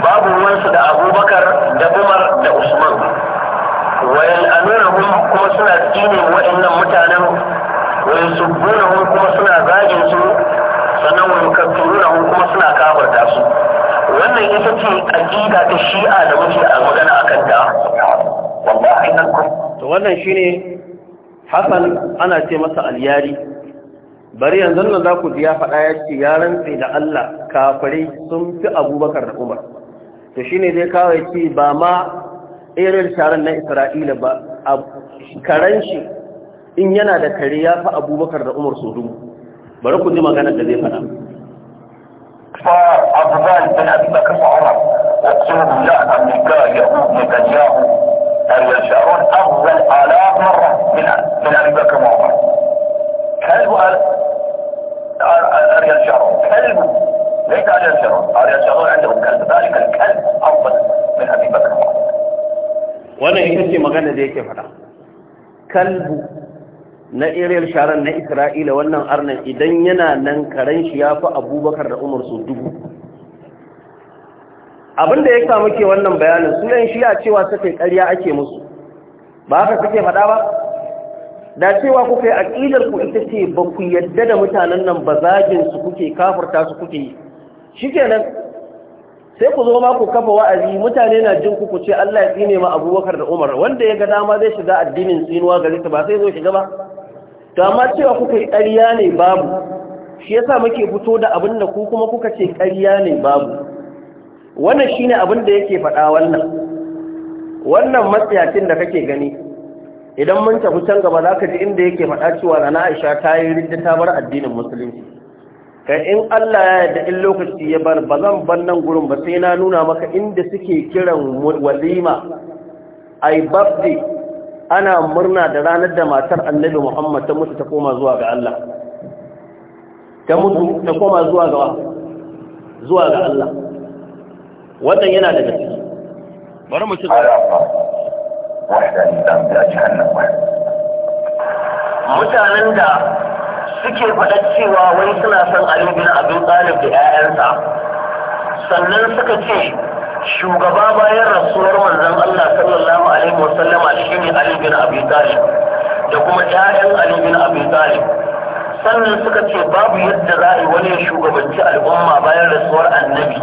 babu ruwansu da abubakar da umar da usman wayan anunahum kuma suna tsine waɗannan mutanen wayan subbunahum kuma suna zagin su sannan wayan kafirunahum kuma suna kabarta su wannan ita ce aƙida ta shi'a da muke a magana a kanta wallahi nan to wannan shine Hassan ana ce masa al bari yanzu nan za ku ji ya faɗa ya ce yaran rantse da Allah kafirai sun fi abubakar da umar to shine zai kawo ya ce ba ma irin sharan na isra'ila ba karan shi in yana da kare ya fi abubakar da umar su bari ku ji magana da zai faɗa فأفضل بن أبي بكر وعمر وقصور الله أمريكا يهود نتنياهو أن يشعرون أفضل آلاف مرة من أبي بكر وعمر هل أريا wannan ita ce magana da yake fada kalbu na iriyar sharan na isra'ila wannan arnan idan yana nan karen shi ya fi abubakar da umar su dubu abinda ya samu ke wannan bayanin su yan ya cewa suka yi karya ake musu ba haka suke faɗa ba da cewa kuka yi aƙidar ku ita ce ba ku yadda da mutanen nan ba zagin su kuke kafarta su kuke yi shikenan sai ku zo ma ku kafa wa'azi mutane na jin ku ku ce Allah ya tsine ma Abubakar da Umar wanda ya ga dama zai shiga addinin tsinuwa gare ta ba sai zo shiga ba to amma cewa kuka yi ƙarya ne babu shi yasa muke fito da abin da ku kuma kuka ce ƙarya ne babu wannan shine abin da yake faɗa wannan wannan matsayacin da kake gani idan mun tafi can gaba za ka ji inda yake faɗa cewa na Aisha ta yi rinda ta bar addinin musulunci kai in Allah ya yarda in lokaci ya bar ba zan bar nan gurin ba sai na nuna maka inda suke kiran walima ai babdi ana murna da ranar da matar Annabi Muhammad ta mutu ta koma zuwa ga Allah ta mutu ta koma zuwa ga zuwa ga Allah wannan yana daga ciki bari mu ci gaba dan da jahannama mutanen da suke faɗa cewa wai suna son Ali bin Abi Talib da ƴaƴansa sannan suka ce shugaba bayan rasuwar manzon Allah sallallahu alaihi wasallama shine Ali bin Abi Talib da kuma ƴaƴan Ali bin Abi Talib sannan suka ce babu yadda za a yi wani shugabanci al'umma bayan rasuwar annabi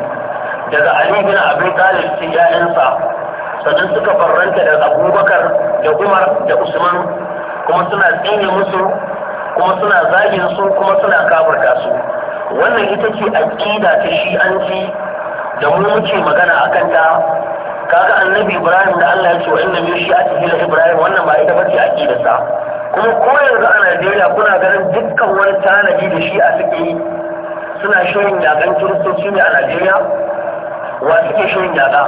daga Ali bin Abi Talib sai ƴaƴansa sannan suka farranta da abubakar da umar da usman kuma suna tsinye musu kuma suna zagin su kuma suna kafarta su wannan ita ce aƙida ta shi an ji da mu muke magana a kanta kaga annabi ibrahim da allah ya ce wa inna min a la ibrahim wannan ba ita bace sa kuma ko yanzu a najeriya kuna ganin dukkan wani tanadi da shi a suke suna shirin yaƙan kiristoci ne a najeriya wa suke shirin yaƙa?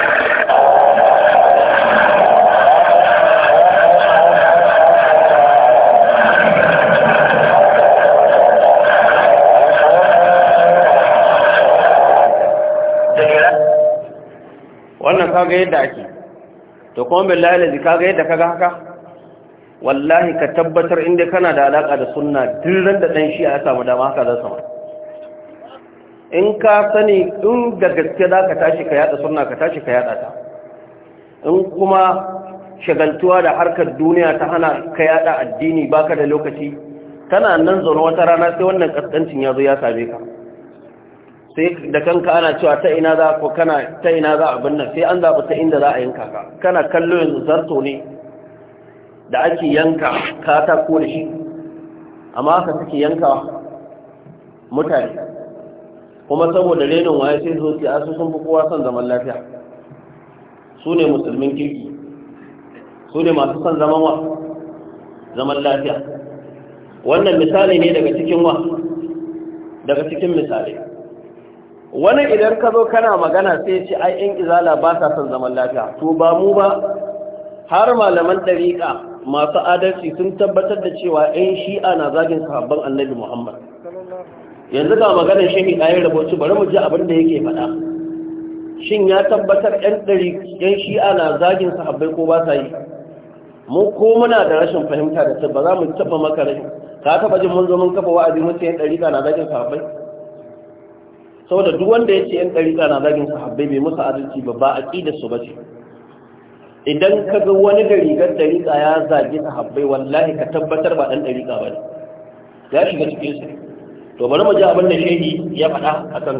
kaga yadda ake to kuma billahi lazi kaga yadda kaga haka wallahi ka tabbatar inda kana da alaka da sunna duk ran da dan shi ya samu dama haka zan sama in ka sani in da gaske za ka tashi ka yada sunna ka tashi ka yada ta in kuma shagaltuwa da harkar duniya ta hana ka yada addini baka da lokaci kana nan zaune wata rana sai wannan kaskancin ya zo ya same ka sai da kanka ana cewa ta ina za ku kana ta ina za abin nan sai an zaɓi ta inda za a yanka ka kana kallo yanzu zarto ne da ake yanka ta da shi amma ka take yanka mutane kuma saboda renin waye sai zo su asu sun fi kowa son zaman lafiya su ne musulmin kirki su ne masu son zaman wa zaman lafiya wannan misali ne daga cikin wa daga cikin misali wani idan ka zo kana magana sai ce ai in izala ba sa son zaman lafiya to ba mu ba har malaman ɗariƙa masu adalci sun tabbatar da cewa yan shi'a na zagin sahabban annabi muhammad yanzu ga maganar shehi ɗaya rubutu bari mu ji abin da yake faɗa shin ya tabbatar yan ɗari yan shi'a na zagin sahabbai ko ba sa yi mu ko muna da rashin fahimta da ta ba za mu taɓa maka rashin ka taɓa jin mun zo mun kafa wa'azi mun ce yan ɗariƙa na zagin sahabbai saboda duk wanda ya ce yan ɗarika na zagin sahabbai bai musu adalci ba ba aƙidar su ba ce idan ka ga wani da rigar ɗariƙa ya zagi sahabbai wallahi ka tabbatar ba ɗan ɗariƙa ba ne ya shiga cikin su to bari mu ji abin da shehi ya faɗa akan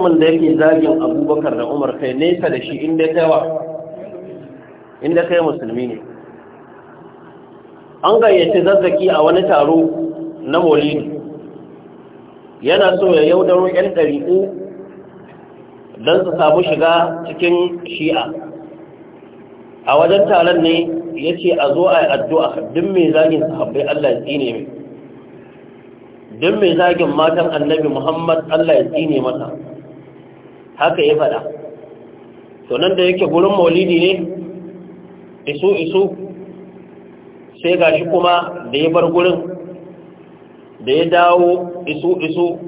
mutumin da yake zagin abubakar da umar kai nesa da shi inda ya kaiwa inda kai musulmi ne an gayyace zazzaki a wani taro na molini yana so ya yaudaro 'yan ɗari'u don su samu shiga cikin shi'a a wajen taron ne ya ce a zo a yi addu'a duk mai zagin sahabbai allah ya tsine mai duk mai zagin matan annabi muhammad allah ya tsine mata haka ya faɗa to nan da yake gurin maulidi ne isu-isu, sai ga shi kuma da ya bar gurin da ya dawo isu-isu,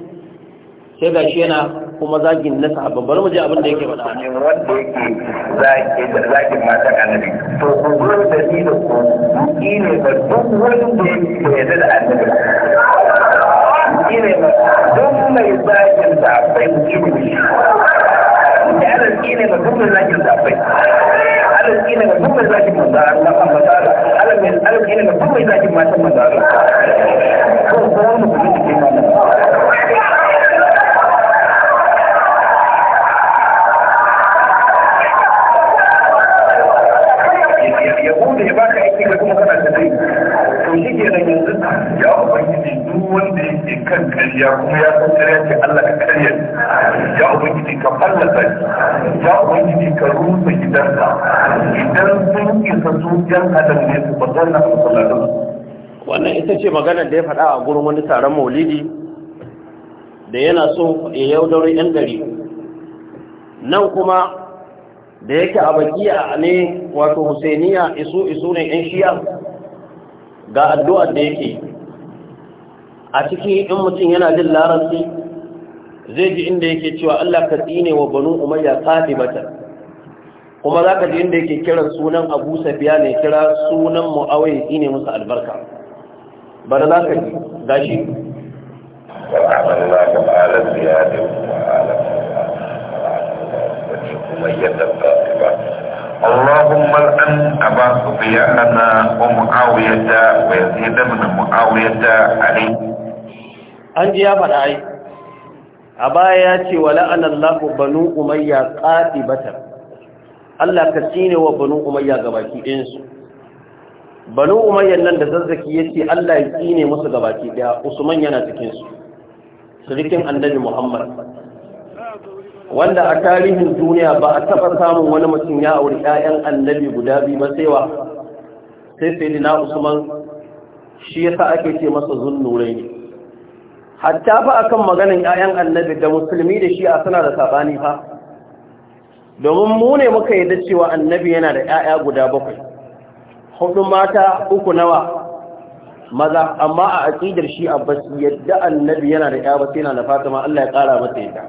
sai ga shi yana kuma zagin na sahabban bari mu ji abin da yake faɗa wanda yake zaki da zaki mata annabi to kuma da ni da ku ni ne ba duk wanda yake da annabi ni ne da duk mai zagin da bai ilimi ne ga kafin zakin zafai arziki ne ga kafin zakin mazara arziki ne ga kafin zakin matan mazara ko kuma mutum da ke mana yahudu ya baka aiki ka kuma kana tafi to shi ke nan yanzu ya ubangiji duk wanda yake kan karya kuma ya san karya ce Allah ka karya ya ubangiji ka fallasa shi ya ubangiji ka rusa gidansa idan sun isa su yan adam ne su ba zan nan masallatun wannan ita ce maganar da ya faɗa a gurin wani taron maulidi da yana so ya yaudaro yan gari, nan kuma da yake a bakiya ne wato husainiya isu isu ne yan shiya ga addu'ar da yake a ciki in mutum yana jin larabci zai ji inda yake cewa Allah ka tsine wa banu umayya mata kuma za ka ji inda yake kiran sunan Abu Safiya ne kira sunan mu'awai tsine musu albarka bana ka ji da shi اللهم الان ابا سفيان ومعاويه ويزيد بن معاويه علي انجي يا ya a baya ya ce wa la'anallahu banu umayya batar, Allah ka tsine wa banu umayya gabaki ɗinsu. su banu umayyan nan da zazzaki ce Allah ya tsine musu gabaki ɗaya usman yana cikin su annabi Muhammad wanda a tarihin duniya ba a taɓa samun wani mutum ya auri ƴaƴan annabi guda biyu ba sai wa sai sai na Usman shi yasa ake ce masa zunnurai ne hatta fa akan maganin 'ya'yan annabi da musulmi da a suna da sabani fa domin mu ne muka yi da cewa annabi yana da 'ya'ya guda bakwai hudu mata uku nawa maza amma a aqidar shi ba yadda annabi yana da 'ya sai na da fatima Allah ya kara masa yadda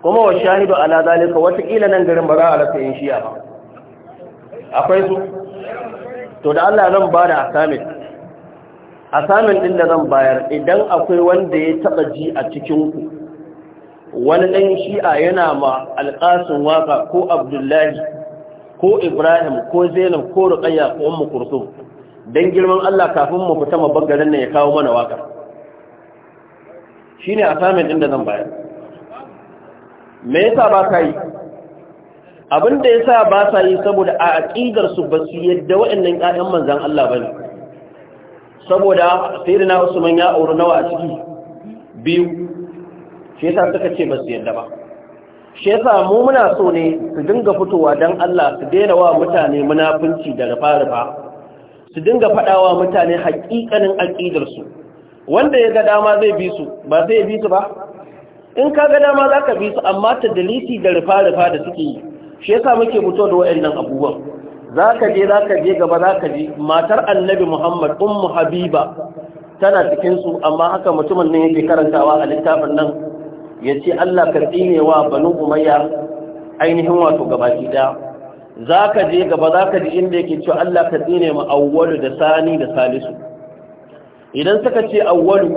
kuma wa shahidu ala zalika wata kila nan garin ba za a rasa yin a ba akwai su to da Allah zan bada assignment asamin din da zan bayar idan akwai wanda ya taba ji a cikinku, wani ɗan shi'a yana ma alƙasin waka ko abdullahi ko ibrahim ko zainab ko ruqayya ko wani kursum don girman Allah kafin mu fita mabagaran ne ya kawo mana waka ne asamin din da zan bayar me yasa ba ka yi abinda yasa ba sa yi saboda a ba su yadda waɗannan ƙa'yan manzan Allah bane saboda wasu usman ya auri nawa a ciki biyu shi yasa suka ce ba su yadda ba shi yasa mu muna so ne su dinga fitowa don Allah su daina wa mutane munafunci da rufa-rufa su dinga faɗawa mutane haƙiƙanin aƙidarsu wanda ya ga dama zai bi su ba zai bi su ba in ka ga dama za ka bi su amma ta daliti da rufa-rufa da suke yi shi yasa muke fito da waɗannan abubuwan za ka je za ka je gaba za ka je matar annabi muhammad ummu habiba tana cikinsu amma haka mutumin nan yake karantawa a littafin nan ya ce allah ka tsine wa banu umayya ainihin wato gaba daya za ka je gaba za ka je, inda yake cewa allah ka tsine ma awwalu da sani da salisu idan suka ce awwalu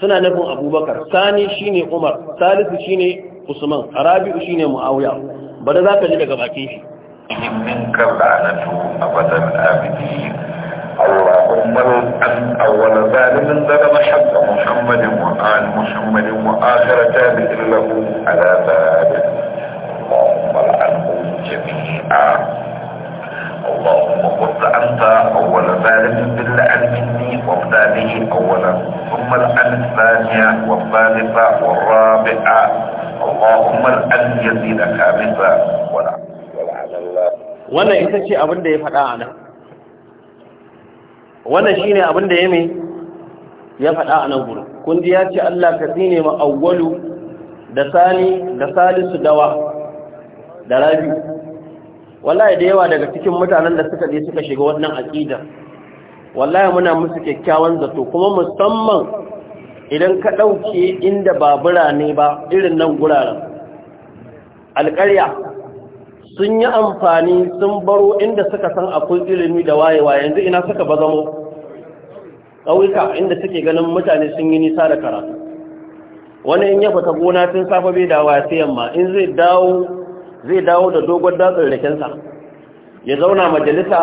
suna nufin abubakar sani shine umar salisu shine usman rabi'u shine muawiya bada za ka je daga bakin shi منك لعنة أبدا الآبدين اللهم الأن أول ظالم ظلم حق محمد وآل محمد وآخر تابع له على ذلك اللهم الأنه جميعا اللهم خذ أنت أول ظالم باللعن مني وابتاليه أولا ثم الأن الثانية والثالثة والرابعة اللهم الأن يزيد خامسا ولا wannan ita ce abin da ya faɗa a nan wannan shi ne abin da ya mai ya faɗa a nan gudu kun ya ce Allah ka tsine ma awwalu da sani da salisu dawa da rabi wallahi da yawa daga cikin mutanen da suka je suka shiga wannan aqida wallahi muna musu kyakkyawan zato kuma musamman idan ka ɗauke inda ba birane ba irin nan guraren alƙarya sun yi amfani sun baro inda suka san akwai ilimi da wayewa yanzu ina suka ba zamo ƙauyuka inda suke ganin mutane sun yi nisa da karatu wani in ya fita gona tun safa bai dawa sayan yamma in zai dawo zai dawo da dogon datsin rikinsa ya zauna majalisa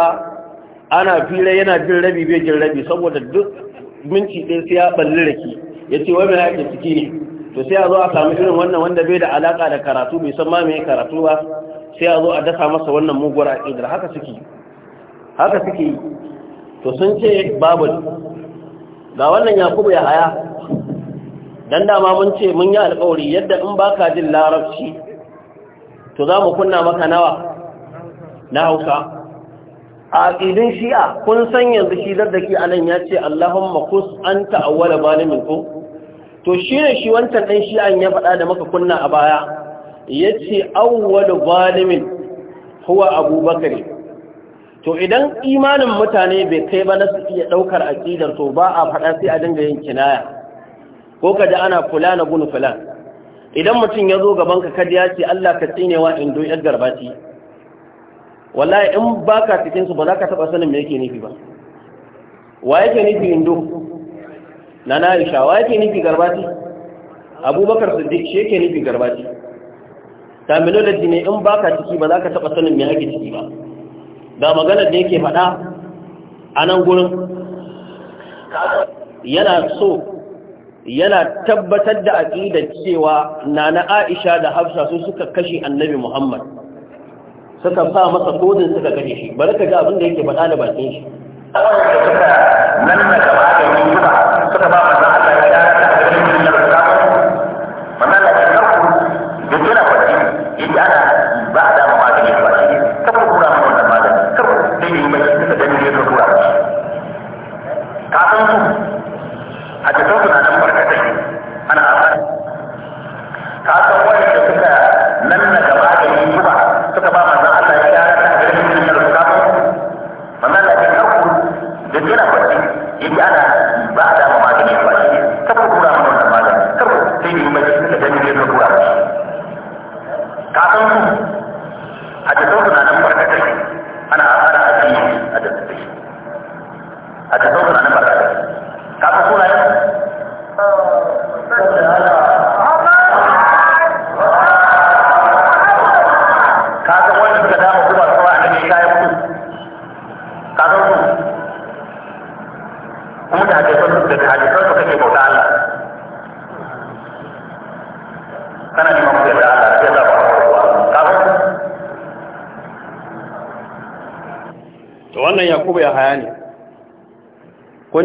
ana fira yana jin rabi bai jin rabi saboda duk minci ɗin siya ya balli rake ya ce wani ake ciki ne to sai a zo a samu irin wannan wanda bai da alaka da karatu bai san ma mai karatu ba sai a zo a dasa masa wannan muguwar aƙidar haka suke haka suke to sun ce babu ga wannan yakubu ya haya dan dama mun ce mun yi alƙawari yadda in baka jin larabci to za mu kunna maka nawa na hausa a aƙidin shi'a kun san yanzu shi zardaki a nan ya ce allahumma kus an ta'awwala balimin ko to shi ne shi wancan ɗan shi'an ya faɗa da maka kunna a baya yace awwal zalimin huwa abubakar to idan imanin mutane bai kai ba na su iya daukar aqidar to ba a fada sai a dinga yin kinaya ko kaje ana na gunu fulan idan mutum ya zo gaban ka kada ya ce Allah ka tsinewa in do yar garbati wallahi in baka cikin su ba za ka taba sanin me yake nufi ba wa yake nufi indo na Na'isha? wa yake nufi garbati Abubakar Siddiq shi yake nufi garbati terminology ne in baka ciki ba za ka taɓa sanin me ake ciki ba ga maganar da yake faɗa a nan gurin yana so yana tabbatar da aƙidar cewa nana aisha da hafsa su suka kashe annabi muhammad suka sa masa kodin suka kashe shi bari ka ga abin da yake faɗa da bakin shi suka ba da ìgbára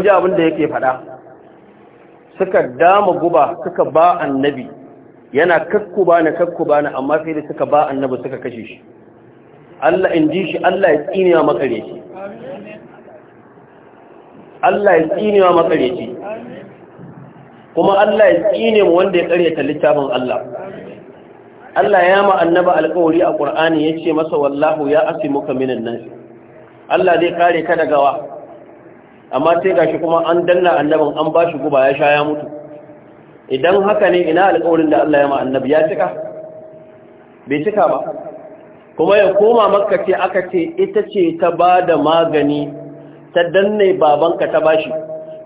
ji abin da yake faɗa suka dama guba suka ba annabi yana ba na ba na amma sai da suka ba annabi suka kashe shi Allah in ji shi Allah ya tsinewa makare shi Allah ya tsinewa makare shi kuma Allah ya tsine mu wanda ya karyata littafin Allah Allah ya ma annaba alƙawari a Qur'ani yace masa wallahu ya asimuka minan nas Allah zai kare ka daga wa amma sai gashi kuma an danna annabin an ba shi guba ya sha ya mutu idan haka ne ina alƙawarin da Allah ya ma annabi ya cika bai cika ba kuma ya koma makka ce aka ce ita ce ta ba da magani ta danne babanka ta bashi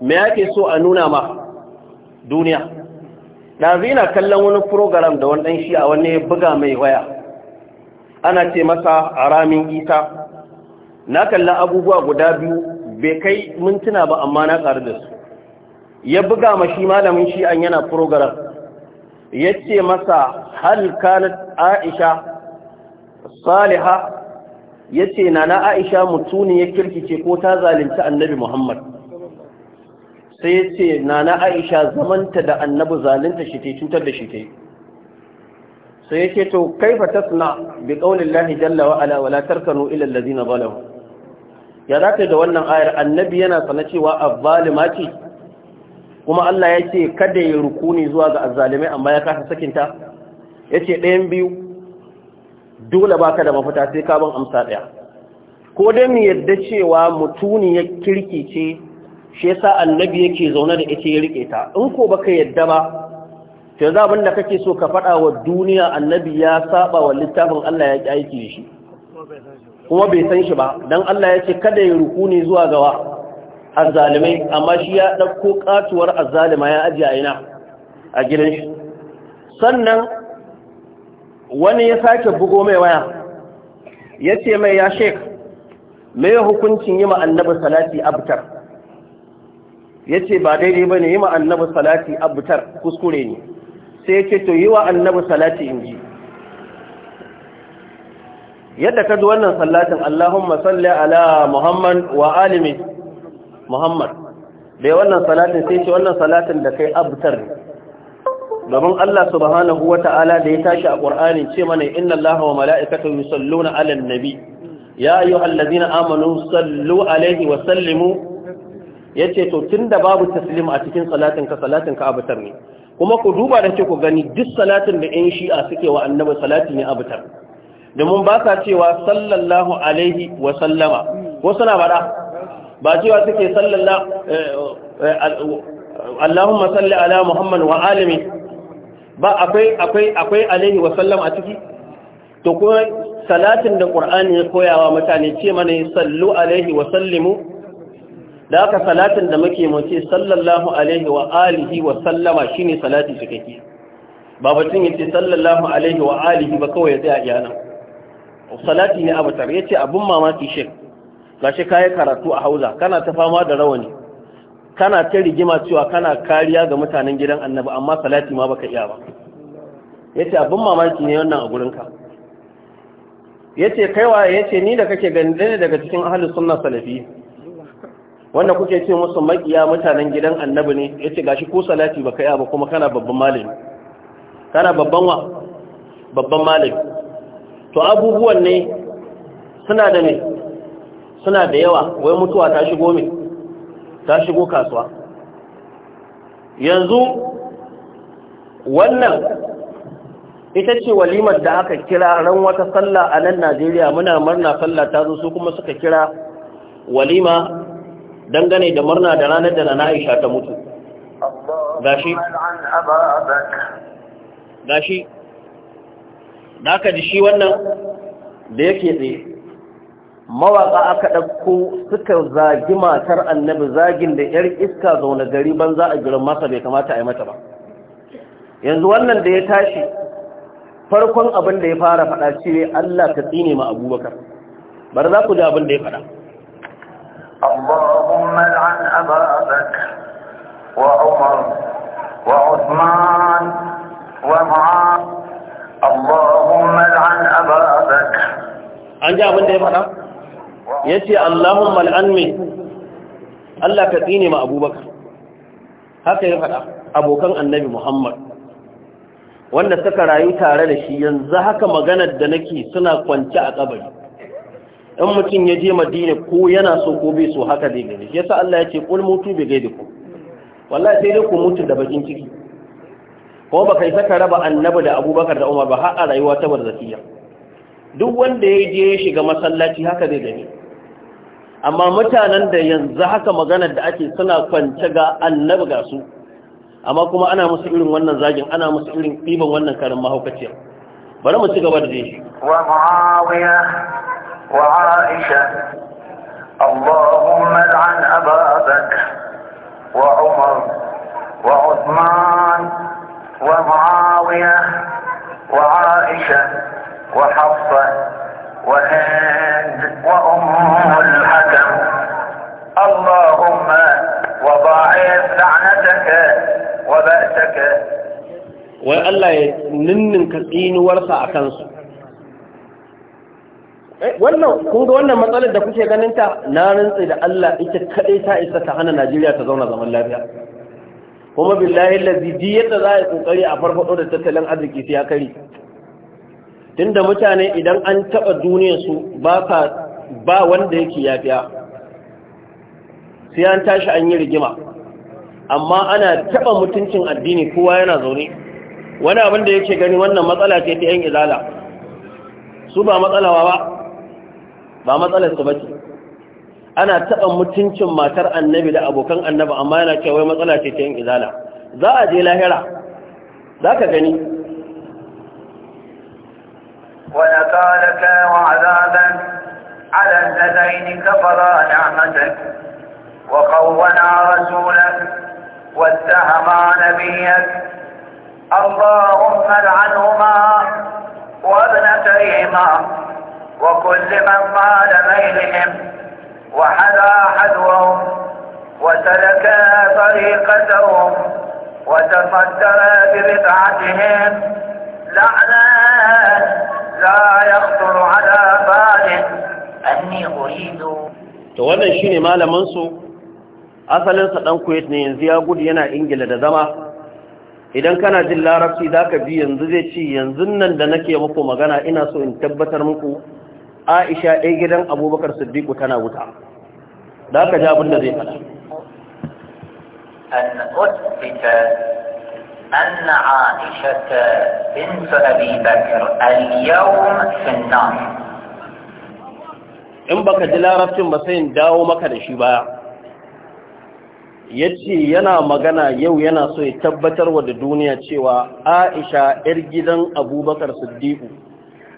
me yake so a nuna ma duniya ɗazu kallon wani program da wani ɗan shi a wani buga mai waya ana ce masa a ramin isa na kalla abubuwa guda biyu bai kai mintuna ba amma na ƙaru da su ya buga ma shi malamin shi an yana program ya ce masa halka na aisha saliha ya ce na na aisha mutuni ya kirkice ko ta zalunci annabi muhammad sai ya ce na na aisha zamanta da annabi zalunta shi ta cutar da shi ta yi sai ya ce to kaifa tasna bi qaulillahi jalla wa ala wala tarkanu ila allazina ya za da wannan ayar annabi yana sana cewa azzalima ce kuma Allah ya ce kada ya rukuni zuwa ga azzalimai amma ya kasa sakinta ya ce ɗayan biyu dole ba ka da mafita sai ka ban amsa ɗaya ko dai mu yadda cewa mutuni ya kirki ce shi sa annabi yake zaune da ita ya rike ta in ko baka yadda ba to yanzu abin da kake so ka faɗa wa duniya annabi ya saba wa littafin Allah ya ƙi aiki shi kuma bai san shi ba dan Allah ya ce kada ya ne zuwa gawa azzalimai amma shi ya dauko katuwar azzalima ya aje a ina a gidan shi sannan wani ya sake bugo mai waya ya ce mai ya shek mai hukuncin yi ma'annabi salati abtar ya ce ba daidai ba ne yi ma'annabi salati abtar kuskure ne sai ya ce to yi wa annabi salati in ji yadda ka ji wannan sallatin Allahumma salli ala Muhammad wa alimi Muhammad da wannan salatin sai ce wannan salatin da kai abtar domin Allah subhanahu wa ta'ala da ya tashi a Qur'ani ce mana inna Allaha wa mala'ikatahu yusalluna 'alan nabi ya ayyuhallazina amanu sallu alaihi wa sallimu yace to tunda babu taslim a cikin salatin ka salatin ka abtar ne kuma ku duba da ke ku gani duk salatin da 'yan shi'a suke wa annabi salati ne abtar domin ba sa cewa sallallahu alaihi wa sallama ko suna bada ba cewa suke sallallahu eh, eh, Allahumma salli ala Muhammad wa alimi ba akwai akwai akwai alaihi wa sallama a ciki to kuma salatin da Qur'ani ya koyawa mutane ce mana sallu alaihi wa sallimu da aka salatin da muke mu ce sallallahu alaihi wa alihi wa sallama shine salati cikakke ba batun yace sallallahu alaihi wa alihi ba kawai ya tsaya iyana salati ne abatar ya ce abin mamaki shek gashi kayi karatu a hauza kana ta fama da rawani kana ta rigima cewa kana kariya ga mutanen gidan annabi amma salati ma baka iya ba ya ce abin mamaki ne wannan a gurinka ya ce kaiwa ya ce ni da kake gani ne daga cikin ahalin sunna salafi wanda kuke ce musu makiya mutanen gidan annabi ne ya ce gashi ko salati baka iya ba kuma kana babban malami kana babban wa babban malami to abubuwan ne suna da ne suna da yawa wai mutuwa ta shigo mai ta shigo kasuwa yanzu wannan ita ce walimar da aka kira ran wata sallah a nan najeriya muna murna sallah ta zo su kuma suka kira walima dangane da murna da ranar da na aisha ta mutu gashi gashi da aka ji shi wannan da yake tsaye mawaƙa aka ɗauko suka zagi matar annabi zagin da yar iska zaune gari ban za a girin masa bai kamata a yi mata ba yanzu wannan da ya tashi farkon abin da ya fara faɗa cire, Allah ka tsine ma abubakar bar za ku ji abin da ya faɗa Allahumma al'an ababak wa Umar wa Usman wa Mu'ad Allahumma al'an an ji abin da ya faɗa yace Allahumma al'an mai, Allah ka tsine ma Abubakar haka ya faɗa abokan Annabi Muhammad wanda suka rayu tare da shi yanzu haka maganar da nake suna kwance a kabari Ɗan mutum ya je madina ko yana so ko bai so haka zai gani sa Allah ya ce kul mutu bi ku. Wallah sai dai ku mutu da bakin ciki ko ba kai saka raba annabi da abubakar da umar ba har a rayuwa ta barzakiya duk wanda ya je ya shiga masallaci haka zai gani amma mutanen da yanzu haka maganar da ake suna kwance ga annabi ga su amma kuma ana musu irin wannan zagin ana musu irin ɗiban wannan karin mahaukaciyar bari mu ci gaba da jeshi wa muawiya wa aisha اللهم لعن أبا بكر وعمر وعثمان ومعاوية وعائشة وحفصة وهند وأم الحكم اللهم وضاعف لعنتك وبأسك والله ننن كالدين ورثة أكنس wannan kun ga wannan matsalar da kuke ganin ta na rantsi da Allah ita kadai ta isa ta hana Najeriya ta zauna zaman lafiya kuma billahi lazi ji yadda za a yi kokari a farfado da tattalin arziki sai ya kari tunda mutane idan an taba duniyarsu su ba wanda yake yafiya sai an tashi an yi rigima amma ana taba mutuncin addini kowa yana zaune wani abin da yake gani wannan matsala ce ta yan izala su ba matsalawa ba ba matsalar su bace ana taɓa mutuncin matar annabi da abokan annabi amma yana cewa matsala ce ta yin izala za a je lahira za ka gani ونكالك وعذابا على الذين كفرا نعمتك وخونا رسولك واتهما نبيك اللهم لعنهما وابنتيهما وكل من قال ميلهم وحلا حذوهم وسلكا طريقتهم وتصدر ببدعتهم لعنى لا يخطر على بال أني أريد to wannan shine malamin su asalin sa dan Kuwait ne yanzu ya gudu yana Ingila da zama idan kana jin larabci zaka bi yanzu zai ci yanzu nan da nake muku magana ina so in tabbatar muku aisha ɗai gidan abubakar siddiqu tana wuta da aka ja abin da zai faɗa أن أثبت أن عائشة بنت أبي بكر اليوم في النار in baka ji larabcin ba sai dawo maka da shi baya ya ce yana magana yau yana so ya tabbatar wa da duniya cewa aisha 'yar gidan abubakar siddiqu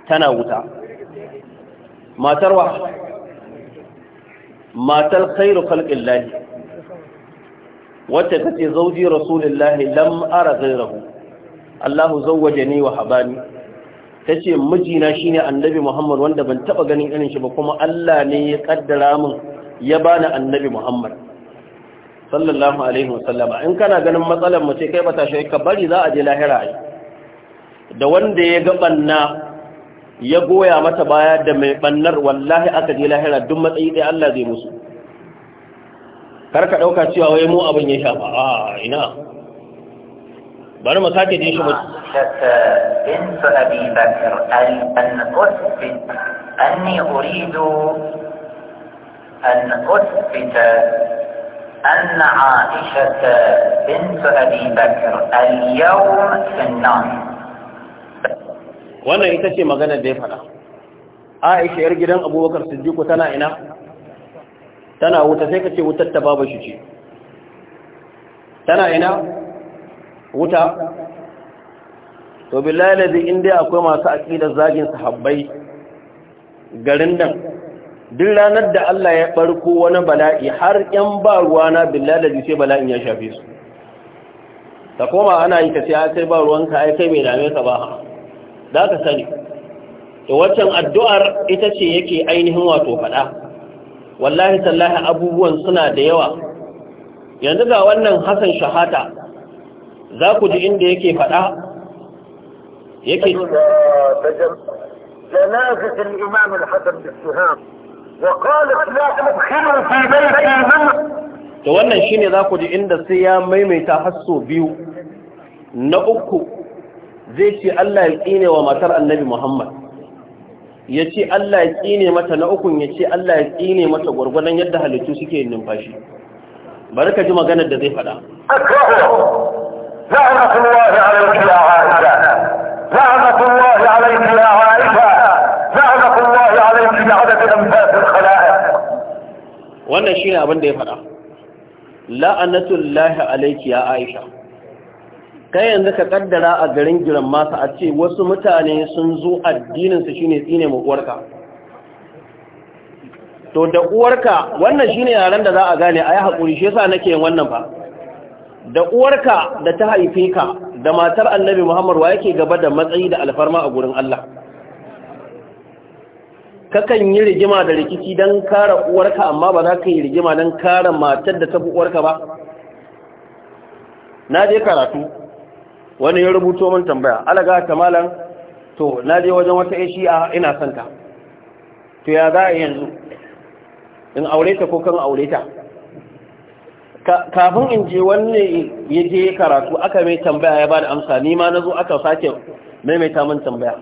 tana wuta matar wa matar khairu khalqin lahi wacce tace zauji rasulullahi lam ara ghairahu Allahu ne wa habani tace mijina shine annabi Muhammad wanda ban taba ganin irin shi ba kuma Allah ne ya kaddara min ya bani annabi Muhammad sallallahu alaihi wasallama in kana ganin matsalar mace kai ba ta shi ka bari za a je lahira da wanda ya ga banna ya goya mata baya da mai bannar wallahi aka ji lahira duk matsayi ɗaya Allah zai musu kar ka dauka cewa wai mu abin ya shafa a ina bari mu sake jin shi mu بنت أبي بكر أن أثبت أني أريد أن أثبت أن عائشة بنت أبي بكر اليوم في النار wannan ita ce maganar da ya faɗa aisha yar gidan abubakar siddiqu tana ina tana wuta sai ka ce wutar ta babu shi ce tana ina wuta to billahi lazi inda akwai masu aqidar zagin sahabbai garin nan duk ranar da Allah ya barko wani bala'i har 'yan ba ruwana billahi lazi sai bala'in ya shafe su ta koma ana yi ka sai sai ba ruwanka ai kai mai dame ka ba da ka sani da waccan addu'ar ita ce yake ainihin wato faɗa wallahi sallahi, abubuwan suna da yawa yanzu ga wannan hasan shahata za ku ji inda yake faɗa yake جنازة الإمام الحسن بالسهام wannan shine za ku ji inda sai ya maimaita hasso biyu na uku zai ce Allah ya tsine wa matar annabi Muhammad ya ce Allah ya tsine mata na ukun ya ce Allah ya tsine mata gwargwadon yadda halittu suke yin numfashi bari ka ji maganar da zai faɗa لعنة الله عليك wannan shine abin da ya faɗa la'anatullahi alayki ya Aisha kai yanzu ka kaddara a garin giran masa a ce wasu mutane sun zo addininsu shine tsine mu uwarka to da uwarka wannan shine yaran da za a gane ayi hakuri shi yasa nake yin wannan fa da uwarka da ta haife ka da matar annabi Muhammad wa yake gaba da matsayi da alfarma a gurin Allah kakan yi rigima da rikici dan kara uwarka amma ba za ka yi rigima dan kara matar da tafi uwarka ba na je karatu wani ya rubuto min tambaya alaga ta malam to na je wajen wata shi'a ina son ta to ya za a yanzu in aure ta ko kan aure ta kafin in je wanne ya je karatu aka mai tambaya ya ba da amsa ni ma na zo aka sake maimaita min tambaya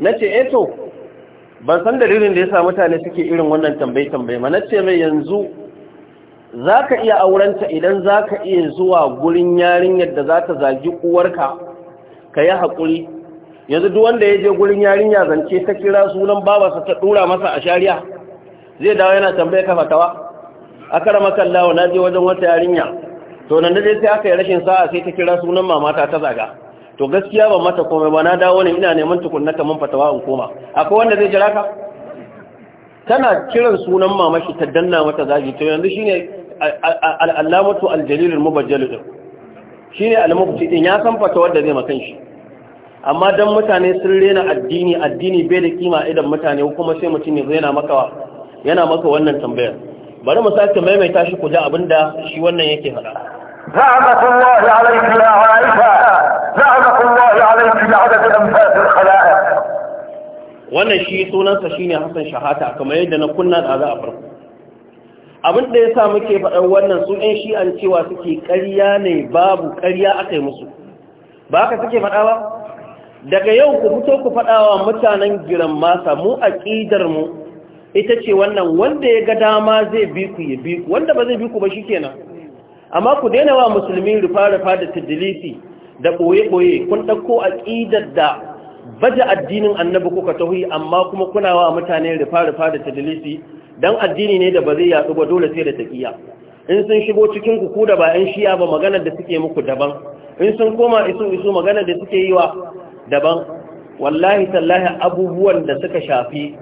na ce eto eh ban san dalilin da ya sa mutane suke irin wannan tambaye-tambaye ma na ce mai yanzu za ka iya aurenta idan za ka iya zuwa gurin yarinyar da za ta zagi uwarka ka yi haƙuri yanzu duk ya je gurin yarinya zance ta kira sunan babarsa ta ɗura masa a shari'a zai dawo yana tambaye ka fatawa a karama kallawa na je wajen wata yarinya to nan da sai aka yi rashin sa'a sai ta kira sunan mamata ta zaga to gaskiya ba mata komai ba na dawo ne ina neman tukunna kamar fatawa in koma akwai wanda zai jira ka tana kiran sunan mamashi ta danna mata zagi to yanzu shine al'alamatu aljalil mubajjal din shi ne mufti ɗin ya san fata wanda zai makan shi amma don mutane sun rena addini addini bai da kima idan mutane kuma sai mutum ne yana maka yana maka wannan tambayar bari mu sake maimaita shi ku ji abinda shi wannan yake faɗa زعمت الله عليك يا عائشة زعمت الله عليك بعدد أنفاس الخلائق wannan shi sunansa shine Hassan Shahata kamar yadda na kunna da a farko abin da ya sa muke faɗar wannan su ɗin shi an cewa suke ƙarya ne babu ƙarya aka yi musu ba ka suke faɗa ba daga yau ku fito ku faɗa wa mutanen giran masa mu aƙidar mu ita ce wannan wanda ya ga dama zai bi ku ya bi ku wanda ba zai bi ku ba shi kenan amma ku daina wa musulmi rufa-rufa da tadilisi da ɓoye-ɓoye kun ɗauko a ƙidar da baje addinin annabi kuka tahoyi amma kuma kuna wa mutane rufa-rufa da tadilisi dan addini ne da ba zai yatsu ba dole sai da taqiya in sun shigo cikin ku da ba yan shi'a ba maganar da suke muku daban in sun koma isu isu maganar da suke yi wa daban wallahi tallahi abubuwan da suka shafi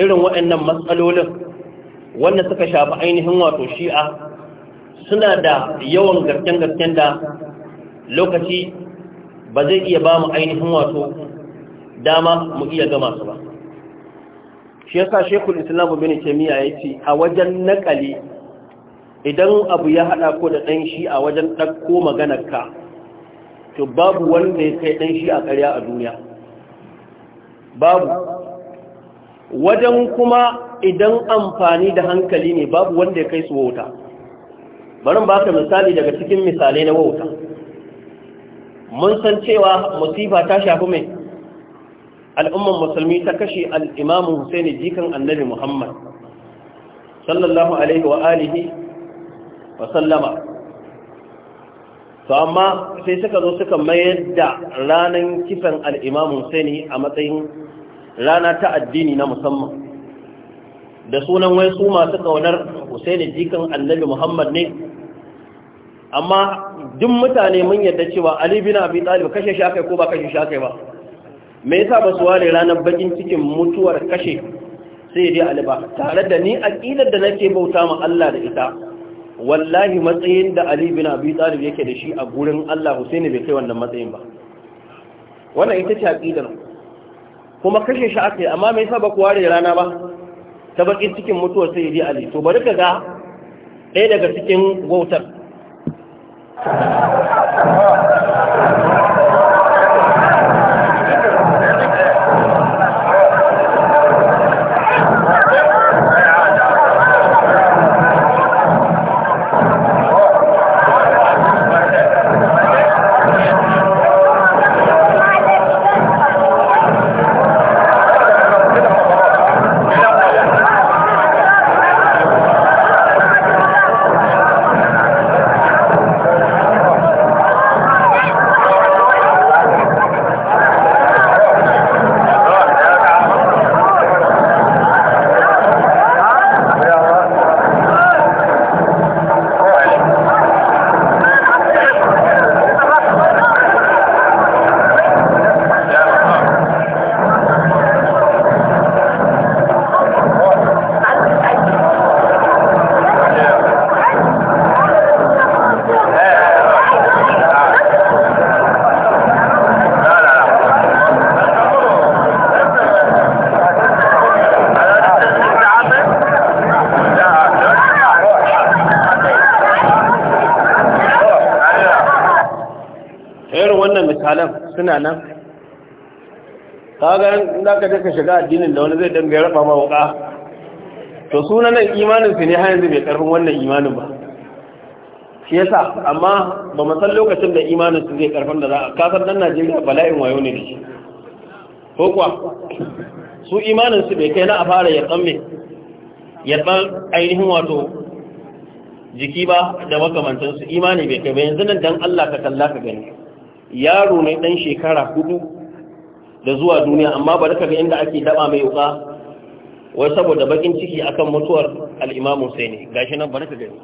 irin waɗannan matsalolin wanda suka shafi ainihin wato shi'a suna da yawan garken garken da lokaci ba zai iya ba mu ainihin wato dama mu iya gama su ba shi yasa shekul islam bin taymiya yace a wajen nakali idan abu ya hada ko da dan shi a wajen dakko maganar ka to babu wanda ya kai dan shi a ƙarya a duniya babu wajen kuma idan amfani da hankali ne babu wanda ya kai su wauta barin ka misali daga cikin misalai na wauta mun san cewa musifa ta shafi mai al'ummar musulmi ta kashe al'imamu Hussein jikan annabi Muhammad sallallahu alaihi wa alihi wa sallama to amma sai suka zo suka mayar da ranar kisan al'imamu Hussein a matsayin rana ta addini na musamman da sunan wai su masu kaunar Hussein jikan annabi Muhammad ne amma duk mutane mun yadda cewa Ali bin Abi Talib kashe shi ko ba kashe shi ba me yasa ba su ware ranar bakin cikin mutuwar kashe sai dai aliba tare da ni aqidar da nake bauta ma Allah da ita wallahi matsayin da Ali bin Abi Talib yake da shi a gurin Allah Husaini bai kai wannan matsayin ba wannan ita ce aqidar kuma kashe shi akai amma me yasa ba ku ware rana ba ta bakin cikin mutuwar sai dai Ali to bari ka ga ɗaya daga cikin wautar suna nan kagan za ka daka shiga addinin da wani zai dan bai raba ma wuka to suna nan imanin su ne hanyar yanzu bai karfin wannan imanin ba shi yasa amma ba matsan san lokacin da imanin su zai karfin da za a kasar dan Najeriya bala'in wayo ne da shi ko kuwa su imanin su bai kai na a fara yatsan mai yadda ainihin wato jiki ba da makamantansu imani bai kai ba yanzu nan Allah ka kalla ka gani yaro ne dan shekara hudu da zuwa duniya amma ba kaga inda ake daba mai wuka wai saboda bakin ciki akan mutuwar al-Imam Ga gashi nan ba ka gani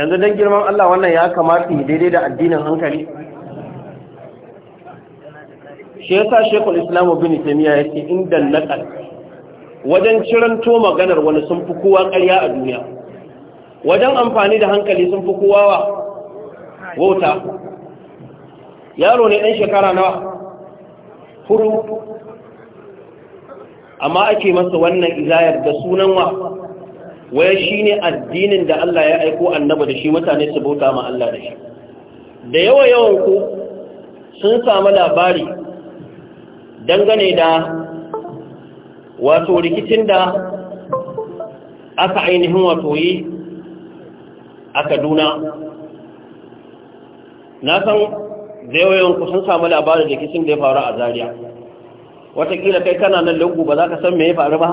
yanzu don girman Allah wannan ya kamata yi daidai da addinin hankali shi ya sa shekul islamu bin isaimiya ya ce inda naƙar wajen ciranto maganar wani sun fi kowa ƙarya a duniya wajen amfani da hankali sun fi kowa wa wauta yaro ne ɗan shekara nawa huru amma ake masa wannan izayar da sunan wa waya shine addinin da Allah ya aiko annaba da shi mutane su bauta ma Allah da shi da yawa yawan ku sun samu labari dangane da wato rikicin da aka ainihin wato yi a Kaduna na san da yawa yawan ku sun samu labarin rikicin da ya faru a Zaria watakila kai kana nan lungu ba za ka san me ya faru ba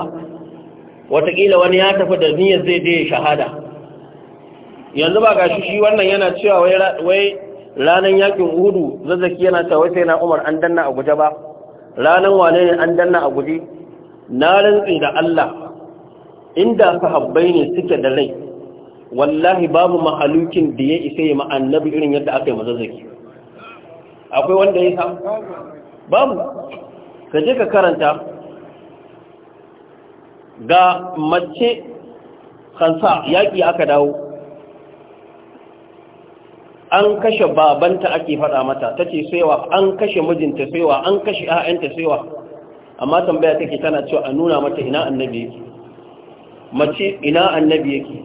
watakila wani ya tafi da niyyar zai je shahada yanzu ba gashi shi wannan yana cewa wai ranar yakin Hudu zazzaki yana cewa sai na umar an danna a guje ba ranar wane ne an danna a guje na rantsi da Allah inda sahabbai ne suke da rai wallahi babu mahalukin da ya isa yi ma'annabi irin yadda aka yi mazazzaki akwai wanda ya sa babu ka je ka karanta ga mace kansa yaƙi aka dawo an kashe babanta ake faɗa mata ta ce saiwa an kashe mijinta saiwa an kashe ‘ya'yanta saiwa amma tambaya take tana cewa a nuna mata ina annabi yake mace ina annabi yake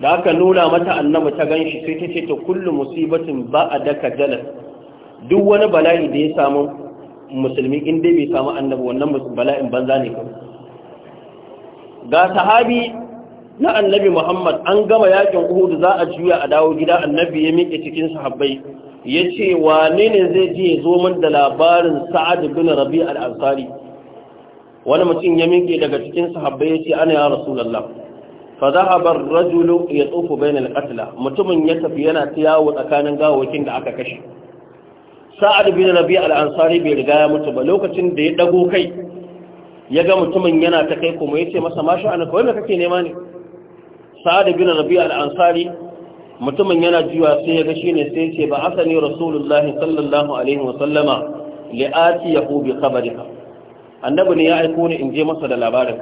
da aka nuna mata annabi ta gan shi sai ta ce ta kullum musibatin ba a daka jalar duk wani bala'i da ya samu musulmi in dai bai samu annabi wannan bala'in banza ne kawai ga sahabi na annabi Muhammad an gama yakin Uhudu za a juya a dawo gida annabi ya miƙe cikin sahabbai ya ce wane ne zai je ya zo min da labarin Sa'ad bin Rabi al-Ansari wani mutum ya miƙe daga cikin sahabbai ya ce ana ya Rasulullah fa zahabar ar ya yatufu bayna al-qatla mutumin ya tafi yana ta yawo tsakanin gawawakin da aka kashe Sa'ad bin Rabi al-Ansari bai riga ya mutu ba lokacin da ya dago kai ya ga mutumin yana ta kai kuma ya ce masa mashi ana kawai da kake nema ne sa'ad bin rabi al'ansari mutumin yana jiwa sai ya ga ne sai ce ba asani rasulullah sallallahu alaihi wa sallama li'ati yahu bi khabarika annabi ne ya aiko ni in je masa da labarin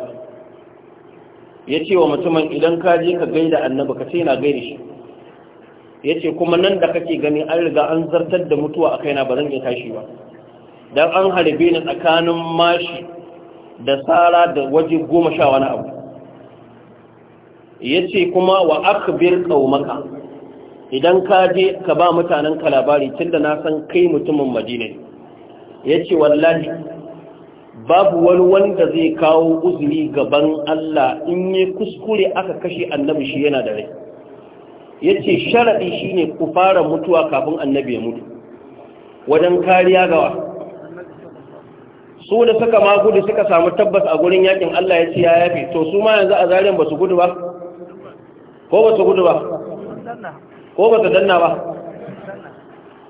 ya ce wa mutumin idan ka je ka gaida annabi ka ce na gaida shi ya ce kuma nan da kake gani an riga an zartar da mutuwa a kaina ba zan iya tashi ba dan an harbe ni tsakanin mashi da tsara da waje goma sha wani abu ya ce kuma wa aka biyar ƙaumaka idan ka je ka ba mutanen ka labari tunda na san kai mutumin madina ya ce wallahi babu wani wanda zai kawo uzuri gaban Allah in yi kuskure aka kashe annabi shi yana da rai ya ce sharaɗi shi ne ku fara mutuwa kafin annabi ya mutu wajen kariya gawa su da suka ma gudu suka samu tabbas a gurin yakin Allah ya ce ya yafi to su ma yanzu a zaren ba su gudu ba ko ba su gudu ba ko ba su danna ba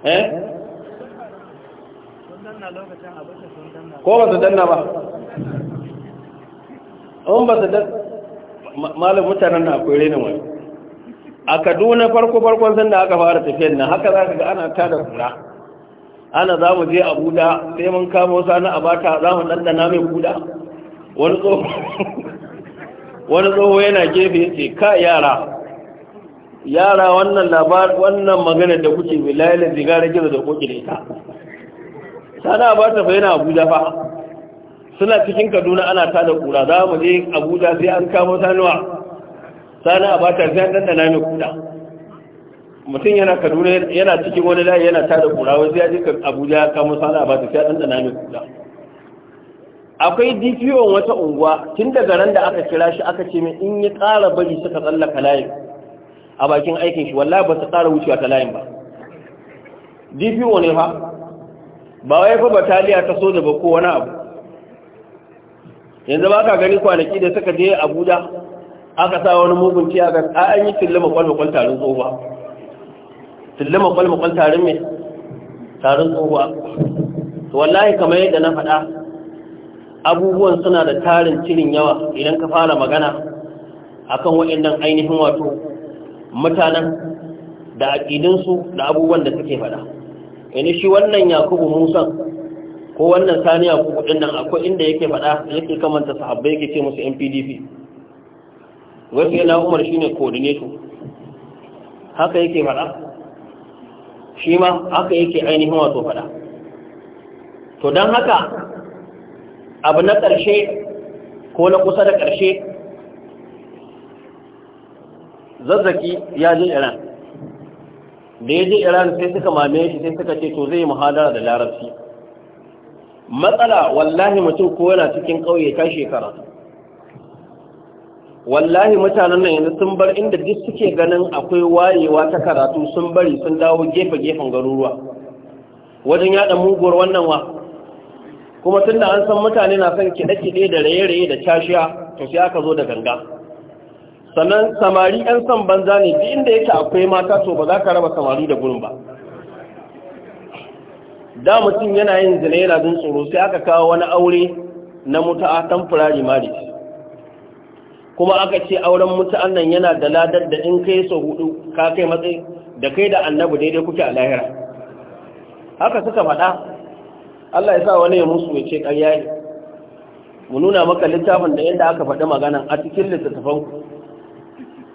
eh ko ba su danna ba in ba su danna malam mutanen na akwai renin wani a kaduna farko farkon sanda aka fara tafiyar nan haka za ka ga ana tada kura ana za mu je abuja sai mun kama wasu ana abata za mu ɗanɗana mai buda wani tsoho yana gefe ce ka yara yara wannan labar wannan magana da kuke bi layalin zigara gizo da koki da ta. sana ba ta fa yana abuja fa suna cikin kaduna ana ta da kura za mu je abuja sai an kama sanuwa sana ba ta sai an ɗanɗana mai kuda mutum yana kaduna yana cikin wani layi yana da kura wasu ya ka abuja ya kamo sana ba ta fiya ɗanɗana mai kura akwai dpo wata unguwa tun daga ran da aka kira shi aka ce mai in yi ƙara bari suka tsallaka layin a bakin aikin shi wallahi ba su ƙara wucewa ta layin ba dpo ne fa ba wai fa bataliya ta so ba ko wani abu yanzu ba ka gani kwanaki da suka je abuja aka sa wani mugunci ciya ga an yi tilla makwal makwal tarin tsohuwa tulle makwal makwal tarin mai tarin tsohuwa wallahi kamar yadda na faɗa abubuwan suna da tarin cirin yawa idan ka fara magana akan waɗannan ainihin wato mutanen da aƙidinsu da abubuwan da suke faɗa yana shi wannan yakubu musan ko wannan sani yakubu ɗin nan akwai inda yake faɗa yake kamanta sahabbai yake ce musu npdp wasu yana umar shi ne coordinator haka yake faɗa shi ma haka yake ainihin wato faɗa to don haka abu na ƙarshe ko na kusa da ƙarshe zazzaki ya je iran da ya je iran sai suka mame shi sai suka ce to zai muhadara da larabci matsala wallahi mutum ko yana cikin ƙauye ta shekara wallahi mutanen nan yanzu sun bar inda duk suke ganin akwai wayewa ta karatu sun bari sun dawo gefe-gefen garuruwa wajen yada muguwar wannan wa kuma tunda an san mutane na son kide-kide da raye-raye da cashiya to sai aka zo da ganga sannan samari 'yan son banza ne duk inda yake akwai mata to ba za ka raba samari da gurin ba da mutum yana yin zina yana jin tsoro sai aka kawo wani aure na mutu'a tamfurari mari kuma aka ce auren mutu'an nan yana da ladar da in kai so hudu ka kai matsayi da kai da annabi daidai kuke a lahira haka suka faɗa Allah ya sa wani ya musu ya ce ƙarya ne mu nuna maka littafin da inda aka faɗi magana a cikin littattafan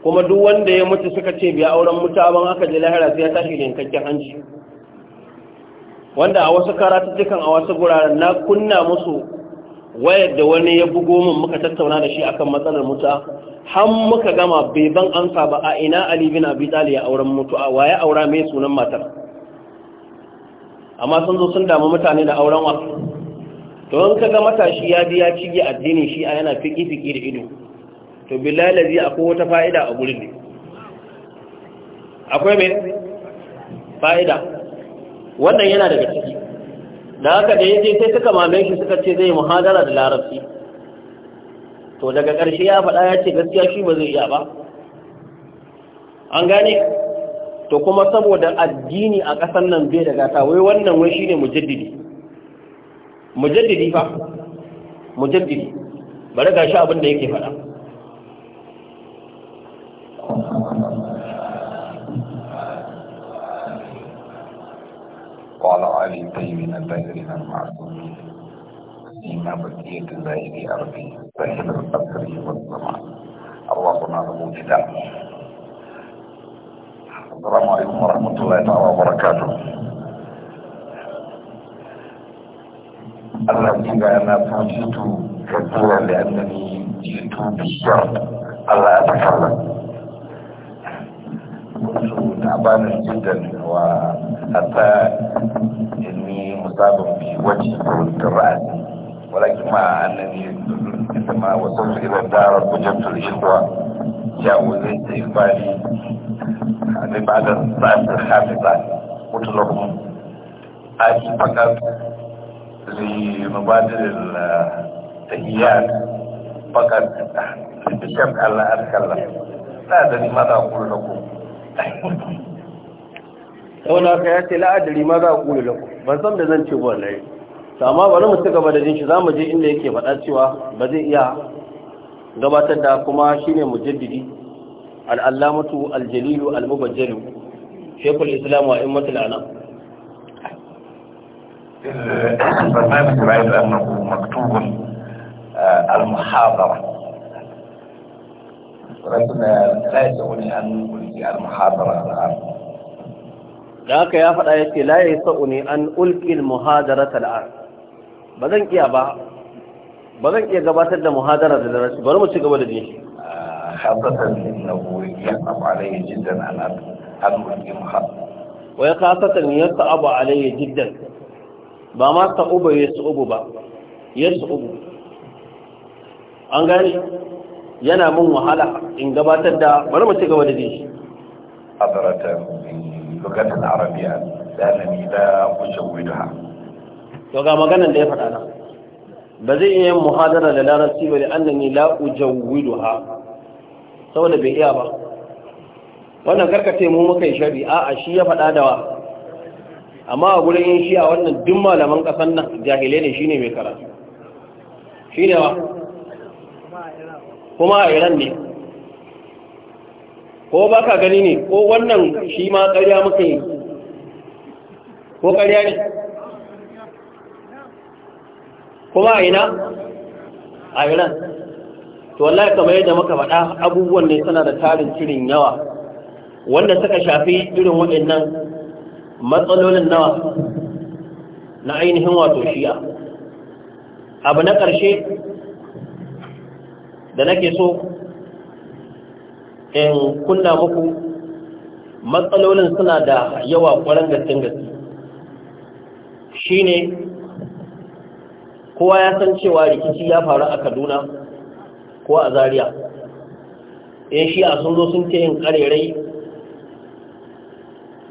kuma duk wanda ya mutu suka ce biya auren mutu'an aka je lahira sai ya tashi da yankakken hanci wanda a wasu karatuttukan a wasu guraren na kunna musu wayar da wani ya bugo min muka tattauna da shi akan matsalar mutuwa, har muka gama bai ban amsa ba a ina Ali bin Abi Talib ya auren Wa waye aura mai sunan matar amma sun zo sun damu mutane da auren wa to in kaga matashi ya biya ya cige addini shi a yana fiki fiki da ido to billahi lazi akwai wata fa'ida a gurin ne akwai mai fa'ida wannan yana daga ciki da haka da yaje sai suka mame shi suka ce zai muhadara da larabci to daga ƙarshe ya faɗa ya ce gaskiya shi ba zai iya ba an gane to kuma saboda addini a ƙasar nan bai da ta wai wannan wai shi ne mujaddidi mujaddidi fa mujaddidi bari ga shi abin da yake faɗa ملكية الله في أرضي فهل القدر والظمع اللهم أعلم جدا السلام عليكم ورحمة الله تعالى وبركاته الحقيقة أنا فوجدت كثيرا لأنني جئت بالشرط ألا أتكلم كنت تعبانا جدا وحتى إني مصاب بوجهي الرأس ولكن مع أنني عندما وصلت إلى الدار وجدت الإخوة جاءوا إلي استقبالي يعني بعد الساعة الخامسة قلت لهم آتي فقط لمبادر التحيات فقط بشكل ألا أتكلم لا أدري ماذا أقول لكم هناك يأتي لا أدري ماذا أقول لكم ban san da zan ce wallahi to amma bari mu cigaba da jin shi mu je inda yake faɗa cewa ba zai iya gabatar da kuma shine mujaddidi al-allamatu al-jalilu al-mubajjalu shaykhul islam wa immatul alam البرنامج ya لأنه مكتوب المحاضرة ولكن لا يسعني أن ألقي المحاضرة الآن ذاك يا فتاة لا يسعني أن ألقي المحاضرة ba zan iya ba ba zan iya gabatar da muhadara da darasi bari mu ci gaba da jin shi khasatan ah, innahu yaqab alayhi jiddan an an yumha wa ya khasatan yaqab alayhi jiddan ba ma ta uba ya ubu ba ya ubu. an gani yana mun wahala in gabatar da bari mu ci gaba da jin shi hadaratan lokacin arabiya da nan da kuce wuduha to ga maganan da ya faɗa nan ba zai iya yin muhadara da larabci ba da annani la ujawwiduha saboda bai iya ba wannan karkace mu muka yi shari a shi ya faɗa da wa amma a gurin yin shi a wannan duk malaman ƙasar nan jahilai ne shine mai karatu shine wa kuma a iran ne ko ba ka gani ne ko wannan shi ma ƙarya muka yi ko ƙarya ne kuma a ina a iran to wallahi kamar yadda muka faɗa abubuwan ne suna da tarin cirin yawa wanda suka shafi irin waɗannan matsalolin nawa na ainihin wato shi'a abu na ƙarshe da nake so in kunna muku matsalolin suna da yawa ƙwarar gaske gaske shine kowa ya san cewa rikici ya faru a kaduna ko a Zariya? yan shi a sun zo sun ce yin karerai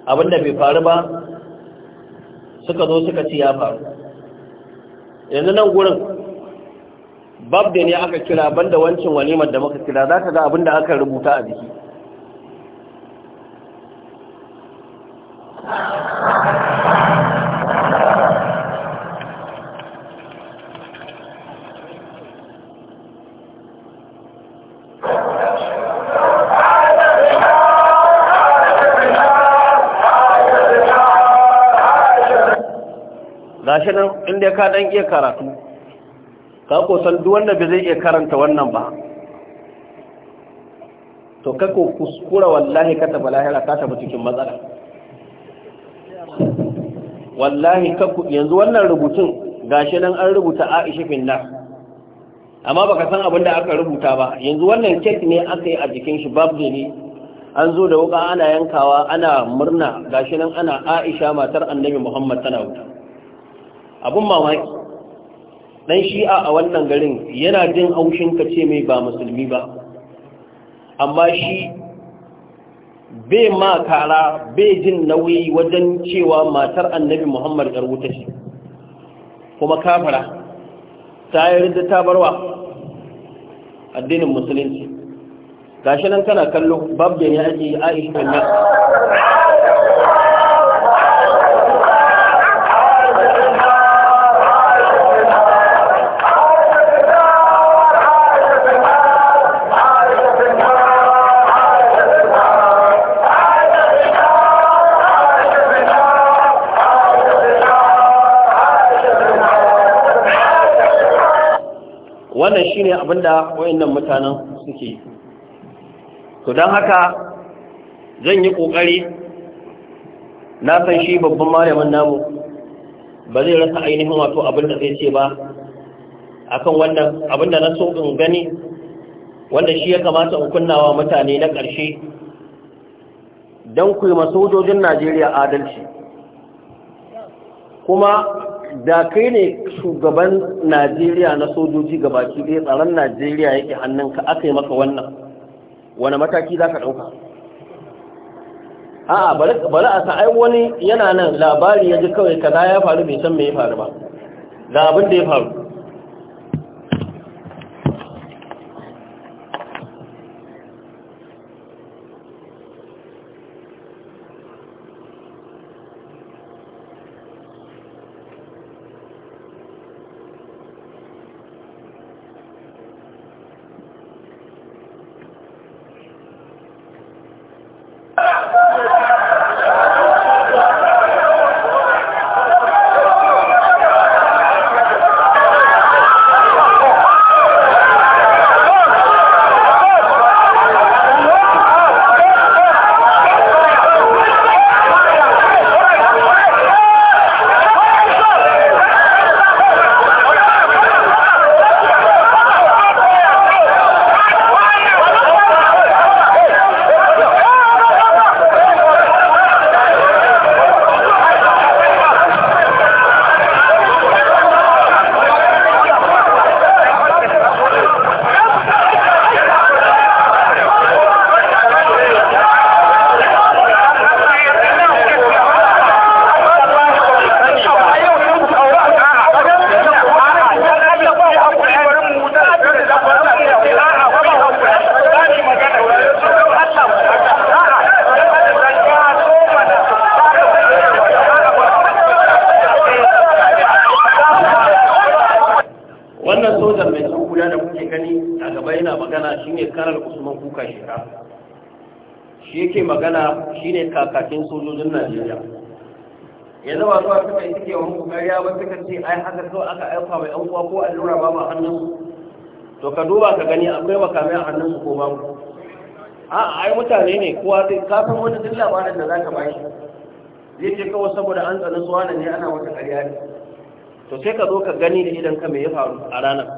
abinda bai faru ba suka zo suka ci ya faru yanzu nan gurin bab ne aka kira banda wancin walimar da muka kira za ka ga abinda aka rubuta a jiki dai ka dan iya karatu ka ko san duk wanda bai zai iya karanta wannan ba to ka ko kuskura wallahi ka tafi lahira ka tafi cikin matsala wallahi ka ku yanzu wannan rubutun gashi nan an rubuta Aisha bin Nas amma baka san abin da aka rubuta ba yanzu wannan kek ne aka yi a jikin shi babu ne an zo da wuka ana yankawa ana murna gashi nan ana aisha matar annabi muhammad tana wuta abun mamaki dan shi'a a wannan garin yana jin haushin ka ce mai ba musulmi ba amma shi bai ma kara bai jin nauyi wajen cewa matar annabi muhammad yar wuta shi kuma kafara ta yi rinda ta barwa addinin musulunci gashi nan kana kallo babu da ya ake aishin nan wannan shi abin da wayannan mutanen suke yi to don haka zan yi ƙoƙari na san shi babban malamin namu ba zai rasa ainihin wato abin da zai ce ba akan wannan abin da na so in gani wanda shi ya kamata in kunnawa mutane na ƙarshe don ku yi sojojin najeriya adalci kuma da kai ne shugaban najeriya na sojoji ga baki ɗaya tsaron najeriya yake hannunka aka yi maka wannan wani mataki za ka ɗauka a'a bari a sa'ai wani yana nan labari ya ji kawai kaza ya faru bai san me ya faru ba ga abin da ya faru haka kawai aka aika mai an ko allura ba ma hannun to ka duba ka gani akwai makamai a hannun ko ba mu a ai mutane ne kowa sai kafin wani duk labarin da zaka bashi zai ce kawai saboda an tsani suwa ne ana wata ƙarya ne to sai ka zo ka gani da idan ka me ya faru a ranar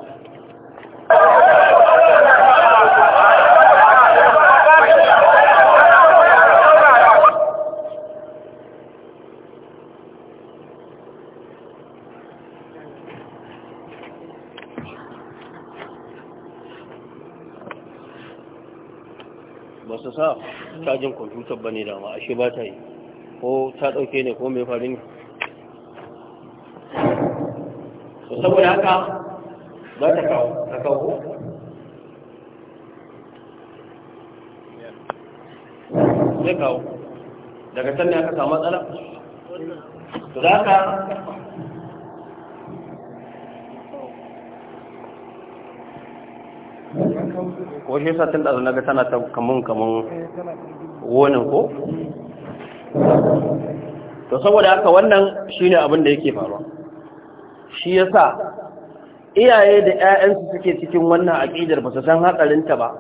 su sa cajin kwamfutar ba ne dama ashe ba ta yi ko ta ɗauke ne ko mai faru ne Ko saboda haka ba ta kawo ta kawo zai kawo daga can ne aka samu matsala to za ka ko shi yasa tun da naga tana ta kamun kamun wonin ko to saboda haka wannan shi abin da yake faruwa shi yasa iyaye da 'ya'yansu suke cikin wannan aƙidar ba su san hatsarin ta ba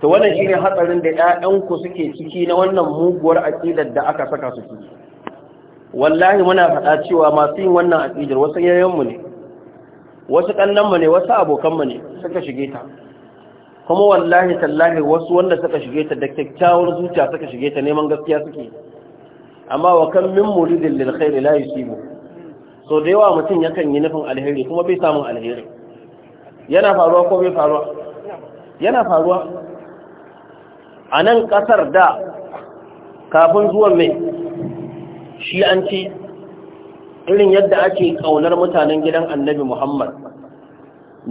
to wannan ne hatsarin da 'ya'yanku suke ciki na wannan muguwar aƙidar da aka saka su ciki wallahi muna faɗa cewa masu yin wannan aƙidar wasu yayyanmu ne wasu kannanmu ne wasu abokanmu ne suka shige ta kuma wallahi tallahi wasu wanda suka shige ta da kyakkyawar zuciya suka shige ta neman gaskiya suke amma wa kan min muridin lil khairi la yusibu so da yawa mutum yakan yi nufin alheri kuma bai samun alheri yana faruwa ko bai faruwa yana faruwa a nan kasar da kafin zuwan mai shi an ce irin yadda ake kaunar mutanen gidan annabi Muhammad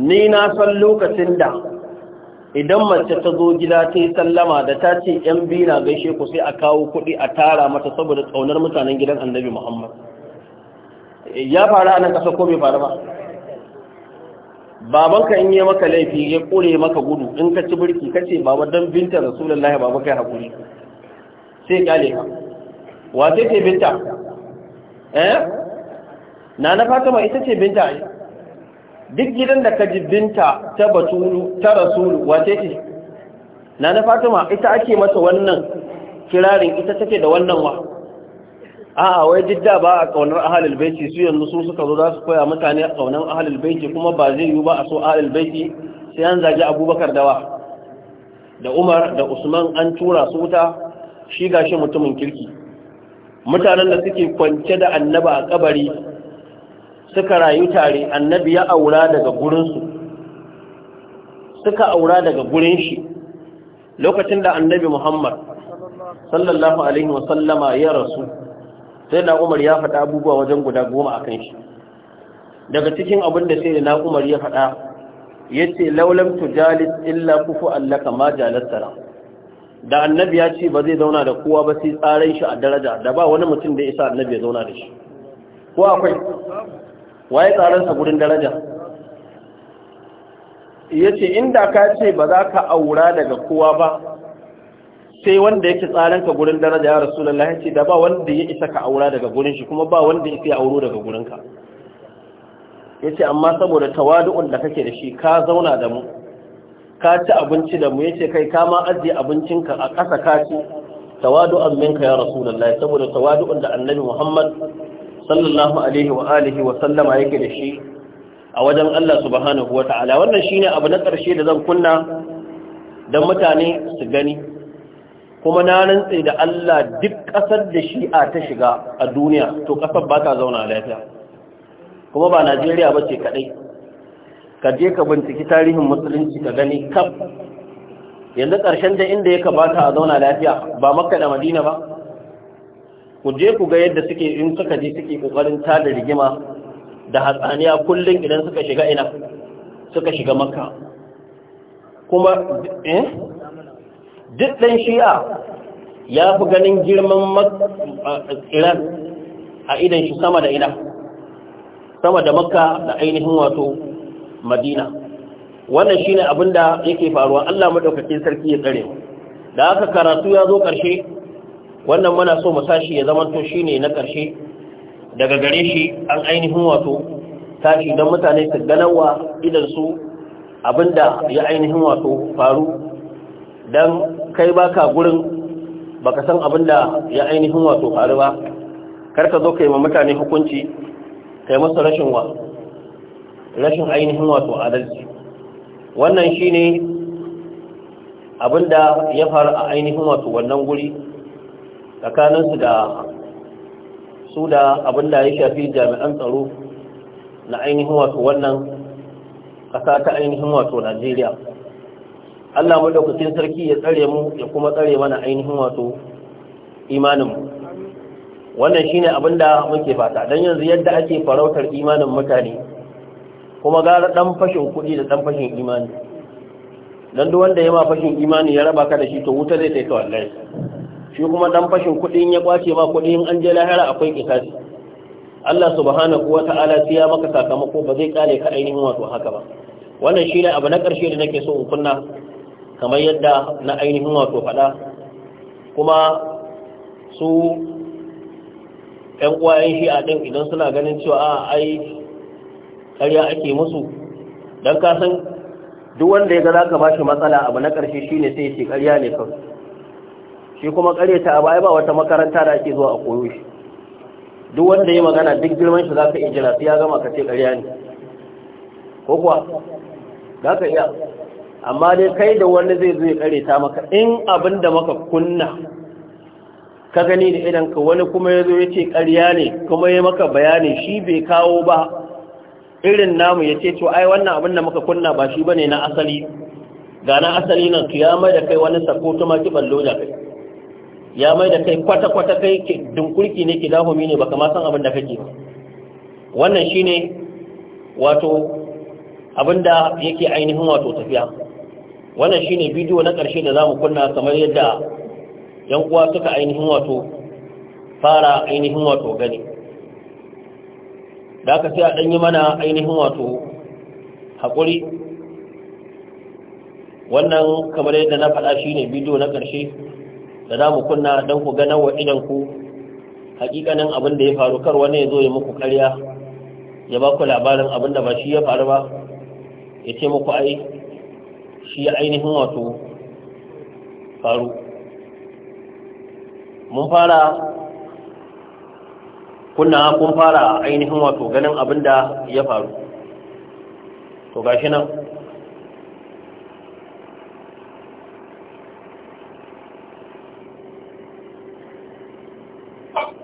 ni na san lokacin da idan mace ta zo gida ta yi sallama da ta ce ‘yan biyu na gaishe ku sai a kawo kuɗi a tara mata saboda kaunar mutanen gidan annabi Muhammad ya faru a nan ƙasa ko bai faru ba babanka in yi maka laifi ya ƙure maka gudu in ka ci birki ka ce baba don binta rasulullahi baba kai haƙuri sai ƙyale ka wace ce binta eh na na fatima ita ce binta ne, duk gidan da ka ji binta ta batulu ta rasulu wace ce na na fatima ita ake masa wannan kirarin ita take da wannan wa a'a wai jidda ba a kaunar ahalul baiti su yanzu su suka zo za su koya mutane a kaunar ahalul baiti kuma ba zai yiwu ba a so ahalul baiti sai an zagi abubakar dawa da umar da usman an tura su wuta shi gashi mutumin kirki mutanen da suke kwance da annaba a kabari suka rayu tare annabi ya aura daga gurinsu suka aura daga gurin shi lokacin da annabi muhammad sallallahu alaihi wasallama ya rasu sai na umar ya faɗa abubuwa wajen guda goma a kan shi daga cikin abin da sai da na umar ya faɗa ya ce laulam tujalis illa kufu allaka ma jalastara da annabi ya ce ba zai zauna da kowa ba sai tsarin shi a daraja da ba wani mutum da ya isa annabi ya zauna da shi ko akwai waye tsaransa gurin daraja ya ce inda ka ce ba za ka aura daga kowa ba sai wanda yake tsaranka gurin daraja ya da ce da ba wanda ya isa ka aura daga gurin shi kuma ba wanda ya auro daga gurinka ya ce amma saboda tawadu'un da kake da shi ka zauna da mu ka ci abinci da mu ya ce kai ma ajiye abincinka a ƙasa ka ci tawadu'an minka ya rasulallah saboda tawadu'un da annabi muhammad sallallahu alaihi wa alihi wa sallama yake da shi a wajen Allah subhanahu wa ta'ala wannan shine abu na ƙarshe da zan kunna don mutane su gani kuma na rantse da Allah duk ƙasar da shi'a ta shiga a duniya to ƙasar ba ta zauna lafiya kuma ba Najeriya ba ce kaɗai ka je ka binciki tarihin musulunci ka gani kaf yanzu ƙarshen da inda ya kamata a zauna lafiya ba makka da madina ba ku je ku ga yadda suke in suka je suke kokarin tada rigima da hatsaniya kullum idan suka shiga ina suka shiga makka kuma eh? duk dan shi'a ya fi ganin girman makka eh, a idan shi sama da ina sama da makka da ainihin wato madina wannan shine abinda yake faruwa Allah madaukakin sarki ya tsare da haka karatu ya zo ƙarshe wannan muna so mu sashi ya zamanto shine na ƙarshe daga gare shi an ainihin wato tashi don mutane su ganawa idan su abinda ya ainihin wato faru don kai baka gurin baka san abinda ya ainihin wato faru ba karka zo kai ma mutane hukunci kai masa rashin wa rashin ainihin wato adalci wannan shine abinda ya faru a ainihin wato wannan guri tsakaninsu da su da abin da ya shafi jami'an tsaro na ainihin wato wannan ƙasa ta ainihin wato najeriya allah maɗaukacin sarki ya tsare mu ya kuma tsare mana ainihin wato imaninmu wannan ne abin da muke fata don yanzu yadda ake farautar imanin mutane kuma gara ɗan fashin kuɗi da ɗan fashin imani don duk wanda ya ma fashin imani ya raba ka da shi to wuta zai taita ka wallahi shi kuma dan fashin kuɗin ya kwace ma kudin an je lahira akwai kisasi Allah subhanahu wa ta'ala sai ya maka sakamako ba zai kare ka ainihin wato haka ba wannan shi ne abu na ƙarshe da nake so in kunna kamar yadda na ainihin wato faɗa kuma su ‘yan yin shi a ɗin idan suna ganin cewa a ai ƙarya ake musu don kasan duk wanda ya ga za ka ba shi matsala abu na ƙarshe shi ne sai ce ƙarya ne kawai shi kuma karyata a baya ba wata makaranta da ake zuwa a koyo shi duk wanda ya magana duk girman shi za ka iya jira sai ya gama ka ce karya ne ko kuwa za ka iya amma dai kai da wani zai zai kareta maka in abin da maka kunna ka gani da idan ka wani kuma ya zo ya ce karya ne kuma ya maka bayani shi bai kawo ba irin namu ya ce to ai wannan abin da muka kunna ba shi bane na asali ga na asali nan kiyama da kai wani sako ta maki ballo da kai ya mai da kai kwata-kwata kai dunkulki ne kidahumi ne baka ma san abin da kake wannan shine wato abin da yake ainihin wato tafiya wannan shine bidiyo na ƙarshe da zamu kunna kamar yadda yan uwa suka ainihin wato fara ainihin wato gani da aka sai a ɗanyi mana ainihin wato haƙuri wannan kamar yadda na faɗa shine bidiyo na ƙarshe da za mu kunna don ku ganar wa ku hakikanin abin da ya faru kar wani ya zo ya muku karya ya ba ku labarin abin da ba shi ya faru ba ya ce muku ai shi ya ainihin wato faru mun fara kunna kun fara ainihin wato ganin abin da ya faru to gashi nan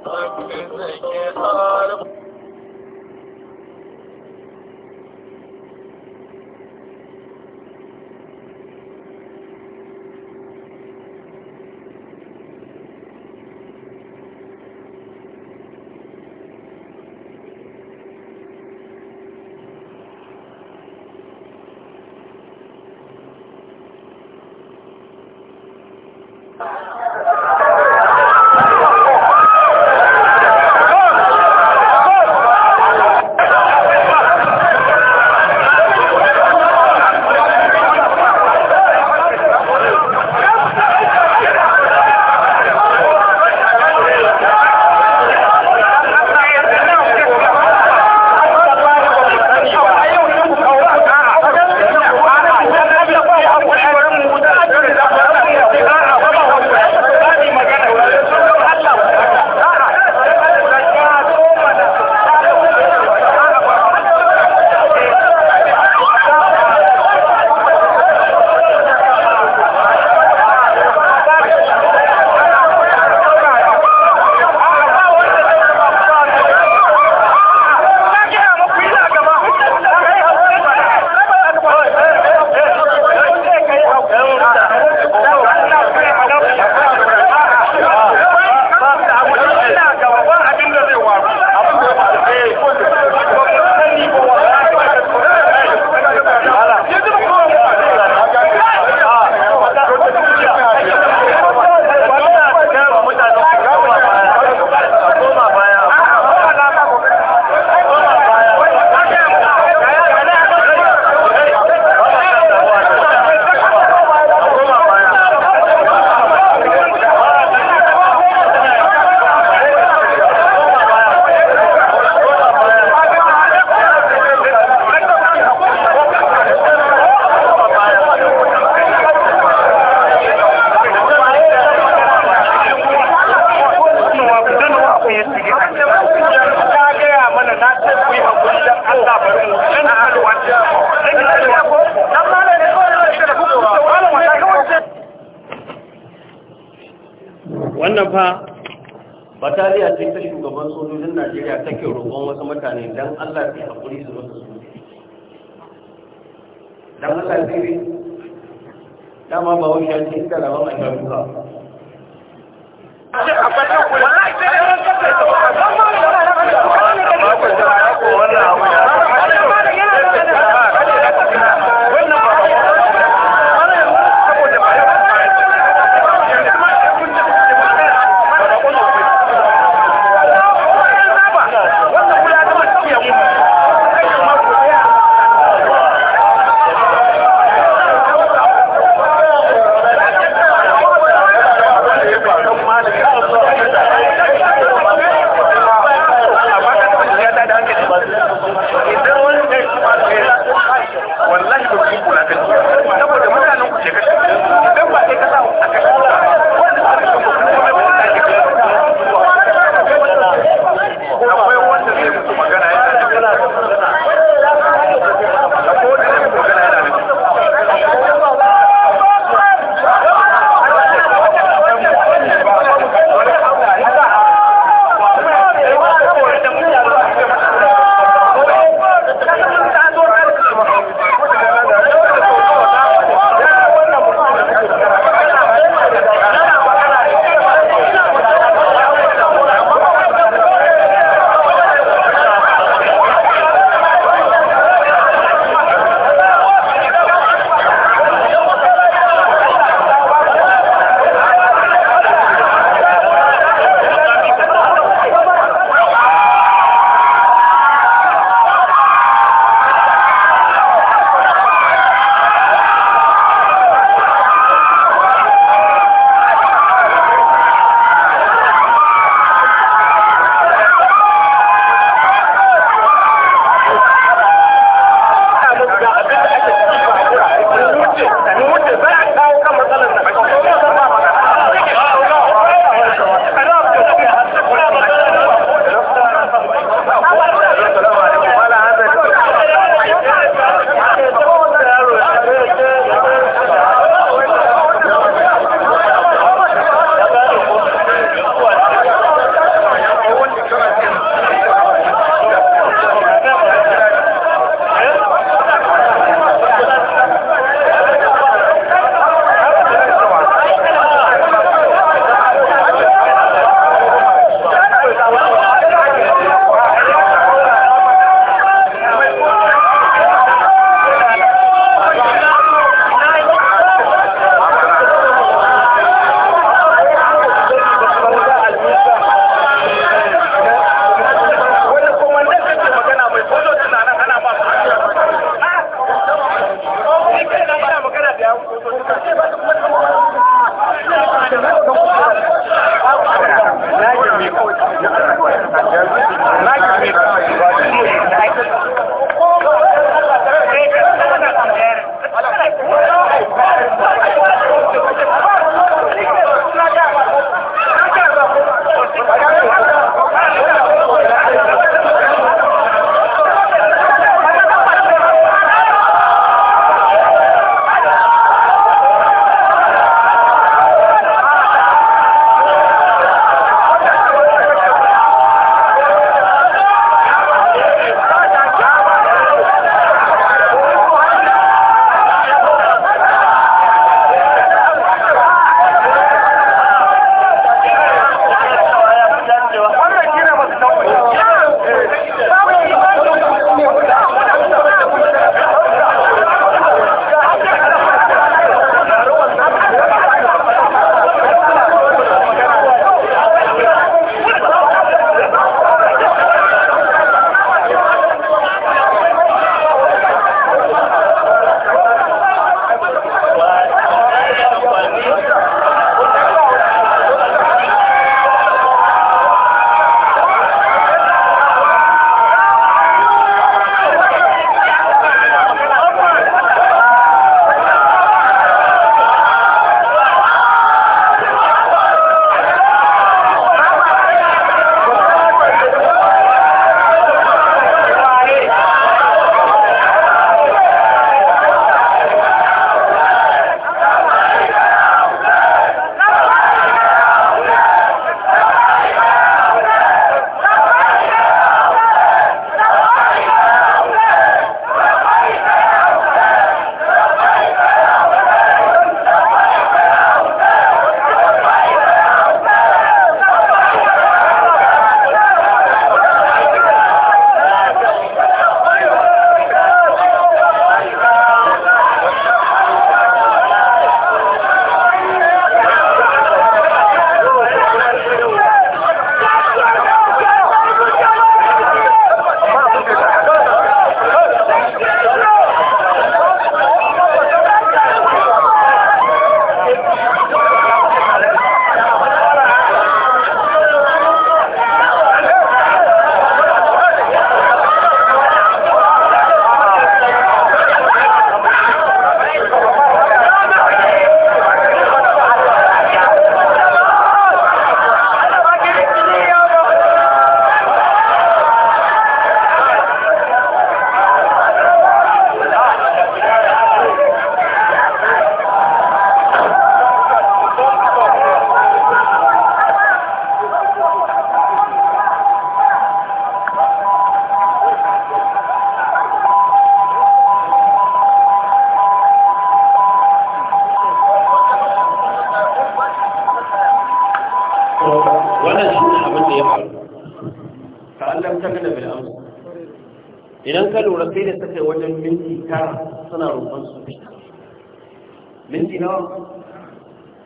I'm gonna get out of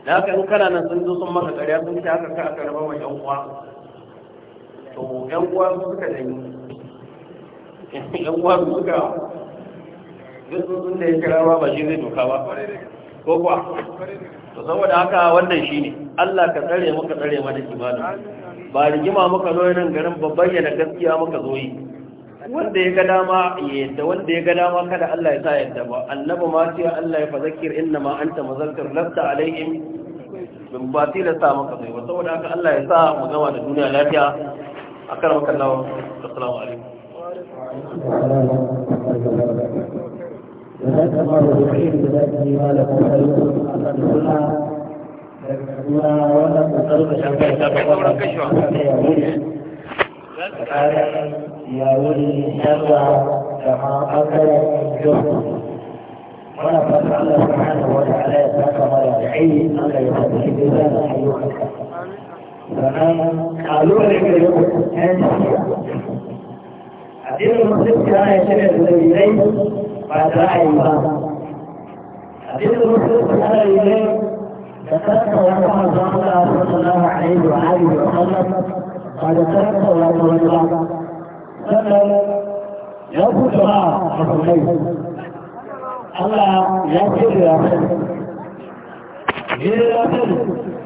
da haka in kana nan sun zo sun maka ƙarya sun ce haka ka aka raba wa ƴan uwa to ƴan uwa su suka danyi Yan uwa su suka duk sun da ya kira ba shi zai doka ba ko kuwa to saboda haka wannan shi ne, Allah ka tsare maka tsare ma da kimanin ba rigima muka zo nan garin babban yana gaskiya muka zo yi wanda ya ga dama yadda wanda ya ga dama kada Allah ya sa yadda ba annabi ma ce Allah ya fa inna ma anta muzakkir lafta alaihim bin batila sa maka kai ba saboda haka Allah ya sa mu gama da duniya lafiya akan maka Allah assalamu alaikum وذلك الله يحيي بذاته ما له خير أحد يروني شرا كما قتلت من جهد ونفت الله سبحانه وتعالى ذاك ولا يعين أن يسبح بذلك حيوحك فمن قالوا لك يوم أنسي حديث المسلم كان يشبه الإليه بعد رأي الإمام حديث المسلم كان إليه ذكرت وأنه الله صلى الله عليه وآله وسلم قد ذكرت وأنه sannan ya buɗe ma musulmai Allah ya ce da ya sani ya sani